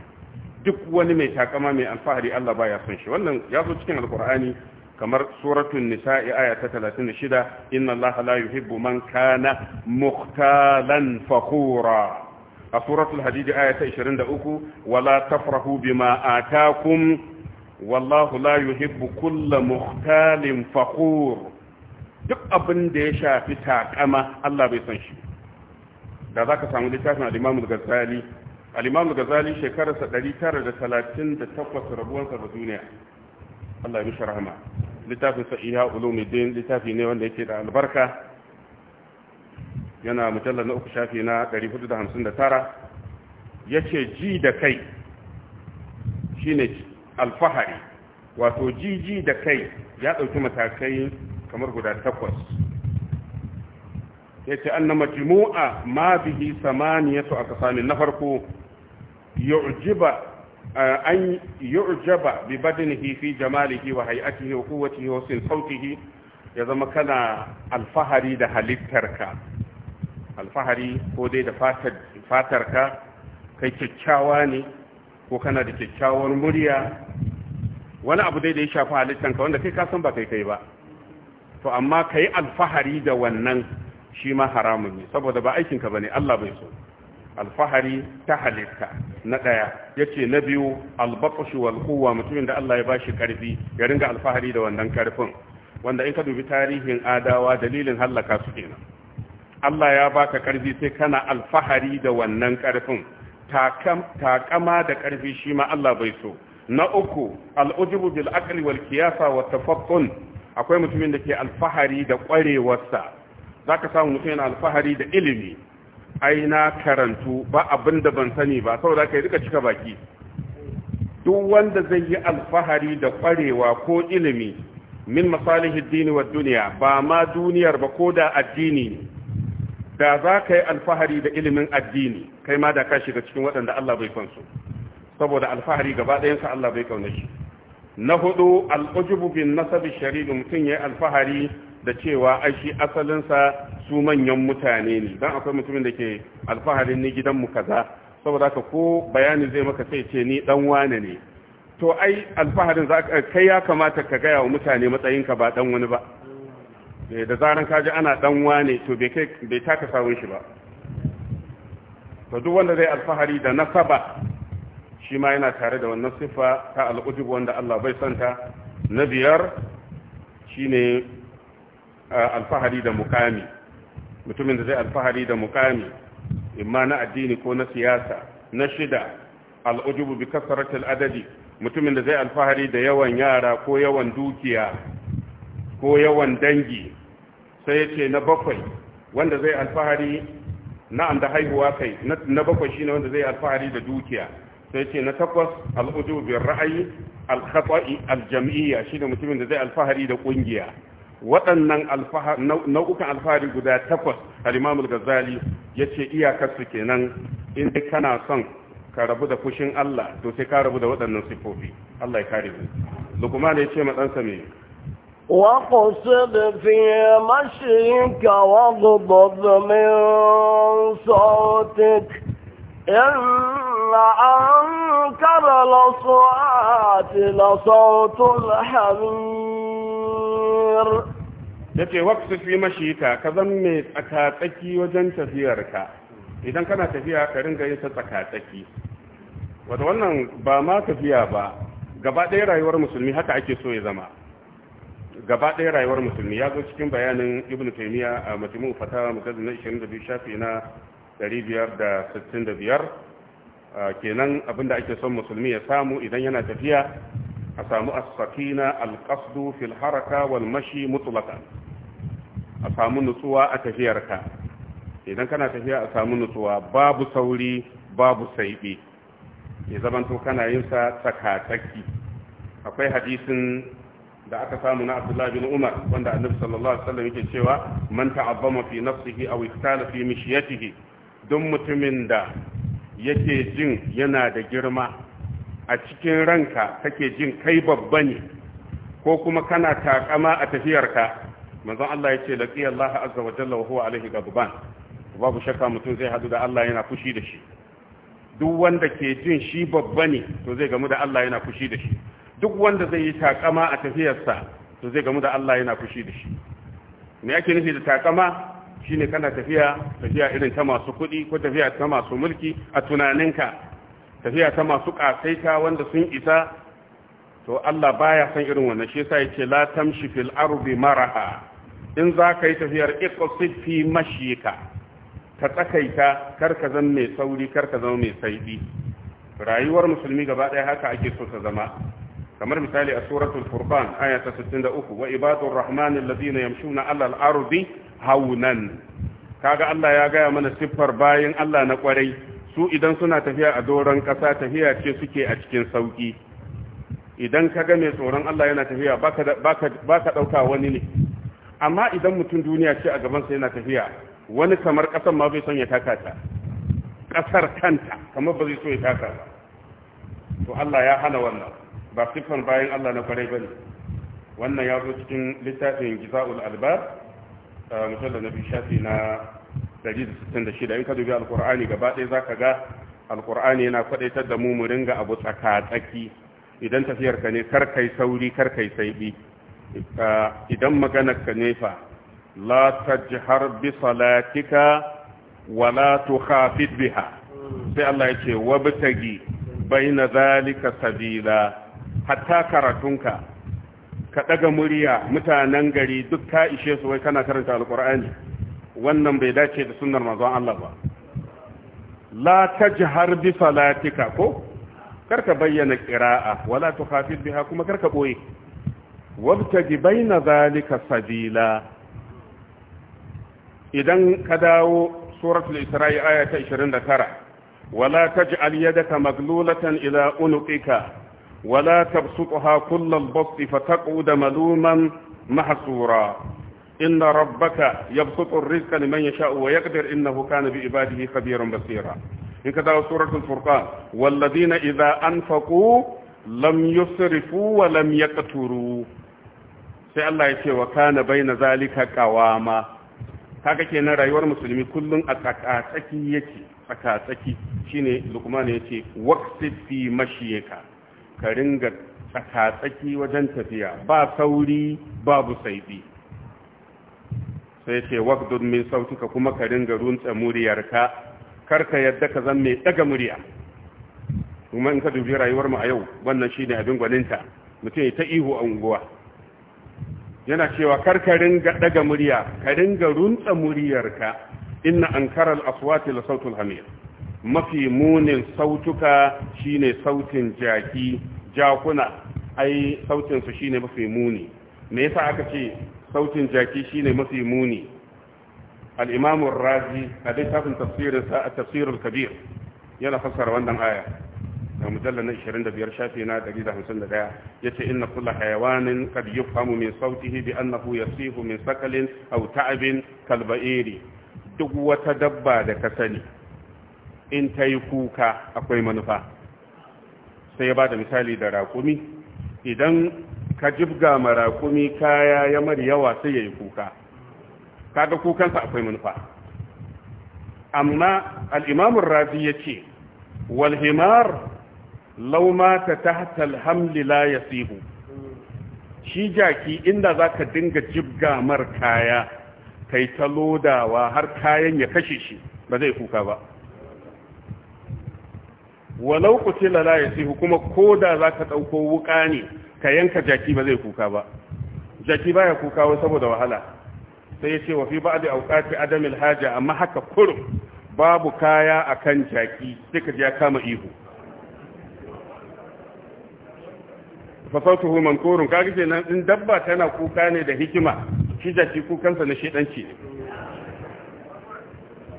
duk wani mai takama mai alfahari Allah baya son shi wannan ya zo cikin alqur'ani kamar suratul nisa'i aya ta 36 inna allaha la yuhibbu man kana mukhtalan fakhura a suratul hadid aya ta 23 wala tafrahu bima atakum wallahu la yuhibbu kulla muhtalin fakhur duk abin da ya shafi takama Allah bai san shi da zaka samu littafin al-Imam al-Ghazali al-Imam al-Ghazali shekararsa 938 rabuwansa da duniya Allah ya mishi rahama littafin sa Ihya Ulumuddin littafi ne wanda yake da albarka yana mujallal na uku shafi na 459 yace ji da kai shine alfahari wato jiji da kai ya ɗauki matakai kamar guda takwas ya ce an na majimu'a ma bihi samaniyatu a kasamin na farko eh, an yu'jaba bi badnihi fi jamalihi wa hay'atihi wa quwwatihi wa sin sautihi ya zama kana alfahari da halittarka alfahari ko dai da fatarka kai kyakkyawa ne ko kana da kyakkyawar murya wani abu dai da ya shafi halittanka wanda kai kasan ba kai kai ba to amma ka yi alfahari da wannan shi ma haramun ne saboda ba aikinka ba ne Allah bai so alfahari ta halitta na ɗaya ya ce na biyu wal walƙuwa mutumin da Allah ya ba shi ƙarfi ya ringa alfahari da wannan ƙarfin wanda in ka dubi tarihin adawa dalilin hallaka su kenan Allah ya baka ƙarfi sai kana alfahari da wannan ƙarfin takama da ƙarfi shi ma Allah bai so na uku al'ujubu bil aqli wal kiyasa wa tafaqqun akwai mutumin da ke alfahari da ƙwarewarsa zaka samu mutumin alfahari da ilimi ai na karantu ba abin ban sani ba saboda kai duka cika baki duk wanda zai yi alfahari da ƙwarewa ko ilimi min masalihi dini wa duniya ba ma duniyar ba ko da addini ne. da za ka yi alfahari da ilimin addini kai ma da ka shiga cikin waɗanda Allah bai su saboda alfahari gaba ɗayan sa Allah bai kauna shi na hudu al'ujubu bin nasabi shari'u mutum ya yi alfahari da cewa ai shi asalinsa su manyan mutane ne don akwai mutumin da ke alfaharin ni mu kaza saboda haka ko bayani zai maka sai ce ni dan wane ne to ai alfaharin za kai ya kamata ka gaya wa mutane matsayinka ba dan wani ba Eh, da zaran kaji ana dan wane to bai taka sawun shi ba to duk wanda zai alfahari da nasaba shi ma yana tare da wannan siffa ta al'ujub wanda Allah bai santa na biyar shine alfahari da mukami mutumin da zai alfahari da mukami imma na addini ko na siyasa na shida al'ujubu bi kasaratil adadi mutumin da zai alfahari da yawan yara ko yawan dukiya ko yawan dangi sai ya ce na bakwai wanda zai alfahari na da haihuwa kai na bakwai shine wanda zai alfahari da dukiya sai ce na takwas al'udu bin ra'ayi alkhata'i aljam'iyya shine mutumin da zai alfahari da kungiya waɗannan nau'ukan alfahari guda takwas alimamul gazali ya ce yace iyakar su kenan in dai kana son ka rabu da fushin Allah to sai ka rabu da waɗannan sifofi Allah ya kare mu lukman ya ce ma mai me واقصد في مشيك واغضب من صوتك إن أنكر الأصوات لصوت الحمير yace waqsu fi mashita ka zan mai tsakatsaki wajen tafiyarka idan kana tafiya ka ringa yin ta tsakatsaki wato wannan ba ma tafiya ba gaba ɗaya rayuwar musulmi haka ake so ya zama gaba ɗaya rayuwar musulmi ya zo cikin bayanin ibn taimiya a matimu fatawa mutazin na 22 shafi na 565 kenan abinda ake son musulmi ya samu idan yana tafiya a samu as na al-qasdu fil haraka wal mashi a samu nutsuwa a tafiyarka idan kana tafiya a samu nutsuwa babu sauri babu saibi ya zamanto kana yin sa tsaka akwai hadisin da aka samu na Abdullah bin Umar wanda Annabi sallallahu alaihi wasallam yake cewa man ta'azzama fi nafsihi aw iktala fi mishyatihi don mutumin da yake jin yana da girma a cikin ranka kake jin kai babba ne ko kuma kana takama a tafiyarka manzon Allah yace laqiya Allah azza wa jalla wa huwa alaihi ghadban babu shakka mutum zai hadu da Allah yana fushi da shi duk wanda ke jin shi babba ne to zai gamu da Allah yana fushi da shi duk wanda zai yi takama a tafiyarsa to zai gamu da Allah yana fushi da shi me ake nufi da takama shine kana tafiya tafiya irin ta masu kuɗi ko tafiya ta masu mulki a tunaninka tafiya ta masu ƙasaita wanda sun isa to Allah baya son irin wannan shi yasa yace la tamshi fil ardi maraha in za ka yi tafiyar iqsid fi mashyika ka tsakaita kar ka zama mai sauri kar ka zama mai saidi rayuwar musulmi gaba ɗaya haka ake so ta zama kamar misali a suratul furqan aya ta 63 wa ibadur rahman allazina yamshuna alal ardi hawnan kaga Allah ya gaya mana siffar bayan Allah na kwarai su idan suna tafiya a doron ƙasa tafiya ce suke a cikin sauƙi idan ka ga mai tsoron Allah yana tafiya ba ka ɗauka wani ne amma idan mutum duniya ce a gabansa yana tafiya wani kamar ƙasar ma bai son ya taka ta ƙasar kanta kamar ba zai so ya taka ba to Allah ya hana wannan ba siffan bayan Allah na kwarai bane wannan ya zo cikin littafin Al-Albar, Albab mujalla na shafi na 166 in ka dubi alqur'ani gaba ɗaya zaka ga alqur'ani yana kwadaitar da mu mu ringa abu tsaka tsaki idan tafiyar ka ne kar sauri karkai kai saibi idan maganar ka ne fa la tajhar bi salatika wala tukhafid biha sai Allah ya ce wabtagi bayna zalika sabila hatta karatunka ka daga murya mutanen gari duk ka ishe su wai kana karanta alqur'ani wannan bai dace da sunnar manzon Allah ba la tajhar bi salatika ko karka bayyana qira'a wala tukhafid biha kuma karka boye wabtaji baina zalika sabila idan ka dawo suratul isra'i aya ta 29 wala taj'al yadaka maglulatan ila unuqika ولا تبسطها كل البسط فتقعد ملوما محصورا إن ربك يبسط الرزق لمن يشاء ويقدر إنه كان بعباده خبيرا بصيرا إن كذا سورة الفرقان والذين إذا أنفقوا لم يسرفوا ولم يقتروا sai Allah ya ce wa kana baina zalika qawama kaga kenan rayuwar musulmi kullun a tsakatsaki yake tsakatsaki shine Luqman yace waqsid fi mashiyaka ka ringa tsaka-tsaki wajen tafiya ba sauri babu saifi sai ce wakdun min kuma ka ringa runtsa muryarka karka yadda ka zan mai daga murya kuma in ka dubi rayuwar mu a yau wannan shine abin gwaninta mutum ta ihu a unguwa yana cewa kar ka ringa daga murya ka ringa runtsa muryarka inna ankaral aswati la sautul hamir mafi munin sautuka shine sautin jaki jakuna ai sautinsu shine mafi muni me yasa aka ce sautin jaki shine mafi muni al-imam razi a littafin tafsirin sa a tafsirul kabir yana fassara wannan aya da mujallal na 25 shafi na 151 yace inna kullu hayawanin qad yufhamu min sautihi bi annahu yasihu min sakalin aw ta'abin kalba'iri duk wata dabba da ka sani in ta yi kuka akwai manufa sai ya ba da misali da raƙumi idan ka jibga ma raƙumi kaya ya mari yawa sai ya yi kuka kaga kukansa akwai manufa amma al'imamun razi ya ce walhimar lauma ta tahta alhamli la yasihu shi jaki inda za ka dinga jibgamar mar kaya kai ta lodawa har kayan ya kashe shi ba zai kuka ba walau qutila la yasihu kuma ko za zaka ɗauko wuka ne ka yanka jaki ba zai kuka ba jaki ba ya kuka wa saboda wahala sai ya yace wa fi ba'd awqati adam alhaja amma haka kurum babu kaya akan jaki sai ka ya kama ihu fa sautuhu ka kaga nan in dabba tana kuka ne da hikima shi jaki kukansa na shedanci ne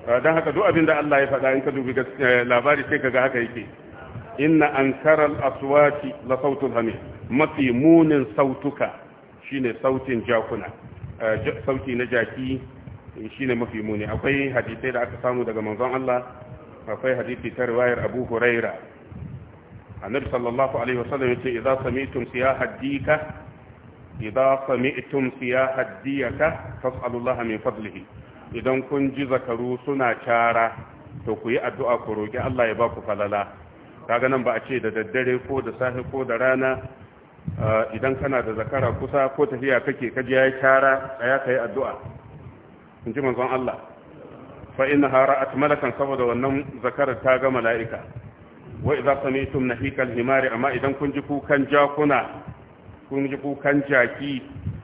Ah, don haka duk abin da Allah ya faɗa in ka dubi eh, labari sai kaga haka yake inna ankaral aswati la sautul hamid mafi munin sautuka shine sautin jakuna ah, sauti na jaki shine mafi muni akwai hadisai da aka samu daga manzon Allah akwai hadisi ta riwayar Abu Huraira annabi sallallahu alaihi wasallam yace idza sami'tum siyaha dika idza sami'tum siyaha dika fas'alullaha min fadlihi idan kun ji zakaru suna cara to ku yi addu'a ku roƙi Allah ya ba ku falala kaga nan ba a ce da daddare ko da safe ko da rana idan kana da zakara kusa ko tafiya kake kaji yayi cara ka kai addu'a in ji manzon Allah fa hara ra'at malakan saboda wannan zakarar ta ga mala'ika wa idza sami'tum nahikal himari amma idan kun ji kukan jakuna kun ji kukan jaki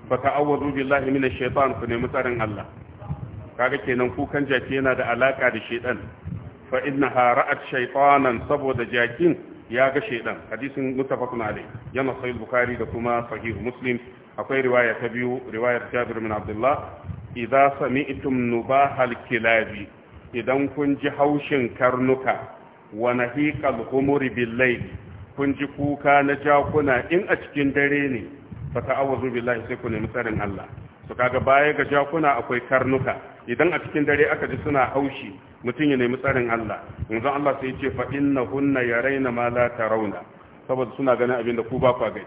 baka ta'awwazu billahi minash shaitan ku nemi tsarin Allah kaga kenan kukan jaki yana da alaka da shaidan. fa innaha ra'at shaytanan saboda jakin ya ga shaidan? hadisin muttafaqun alayh yana sahih bukhari da kuma sahih muslim akwai riwaya ta biyu riwayar jabir bin abdullah idza sami'tum nubahal kilabi idan kun ji haushin karnuka wa nahiqal humuri bil layl kun ji kuka na jakuna in a cikin dare ne fa ta'awuzu billahi sai ku nemi tsarin Allah to kaga baya ga jakuna akwai karnuka idan a cikin dare aka ji suna haushi mutum ya nemi tsarin Allah yanzu Allah sai ya ce fa innahunna yarayna ma la tarawna saboda suna ganin abin da ku ba ku gani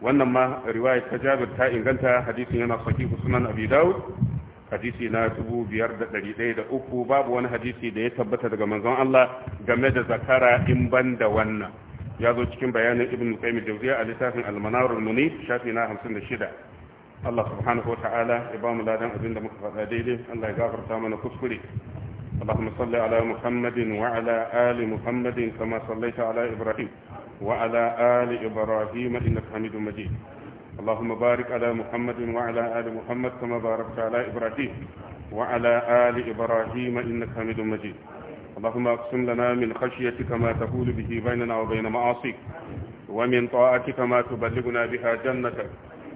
wannan ma riwaya ta Jabir ta inganta hadisin yana sahihu sunan Abi Dawud hadisi na uku. babu wani hadisi da ya tabbata daga manzon Allah game da zakara in ban da wannan ya zo cikin bayanin Ibn Qayyim Jawziya a littafin Al-Manar al-Munif shafi na 56 Allah subhanahu wa ta'ala ya ba mu ladan abin da muka faɗa daidai Allah ya gafarta mana kuskure Allahumma salli ala Muhammadin wa ala ali Muhammadin kama sallaita ala Ibrahim wa ali Ibrahim innaka Hamidum Majid Allahumma barik ala Muhammadin wa ali Muhammad kama barakta ala Ibrahim wa ali Ibrahim innaka Hamidum Majid اللهم اقسم لنا من خشيتك ما تهول به بيننا وبين معاصيك ومن طاعتك ما تبلغنا بها جنتك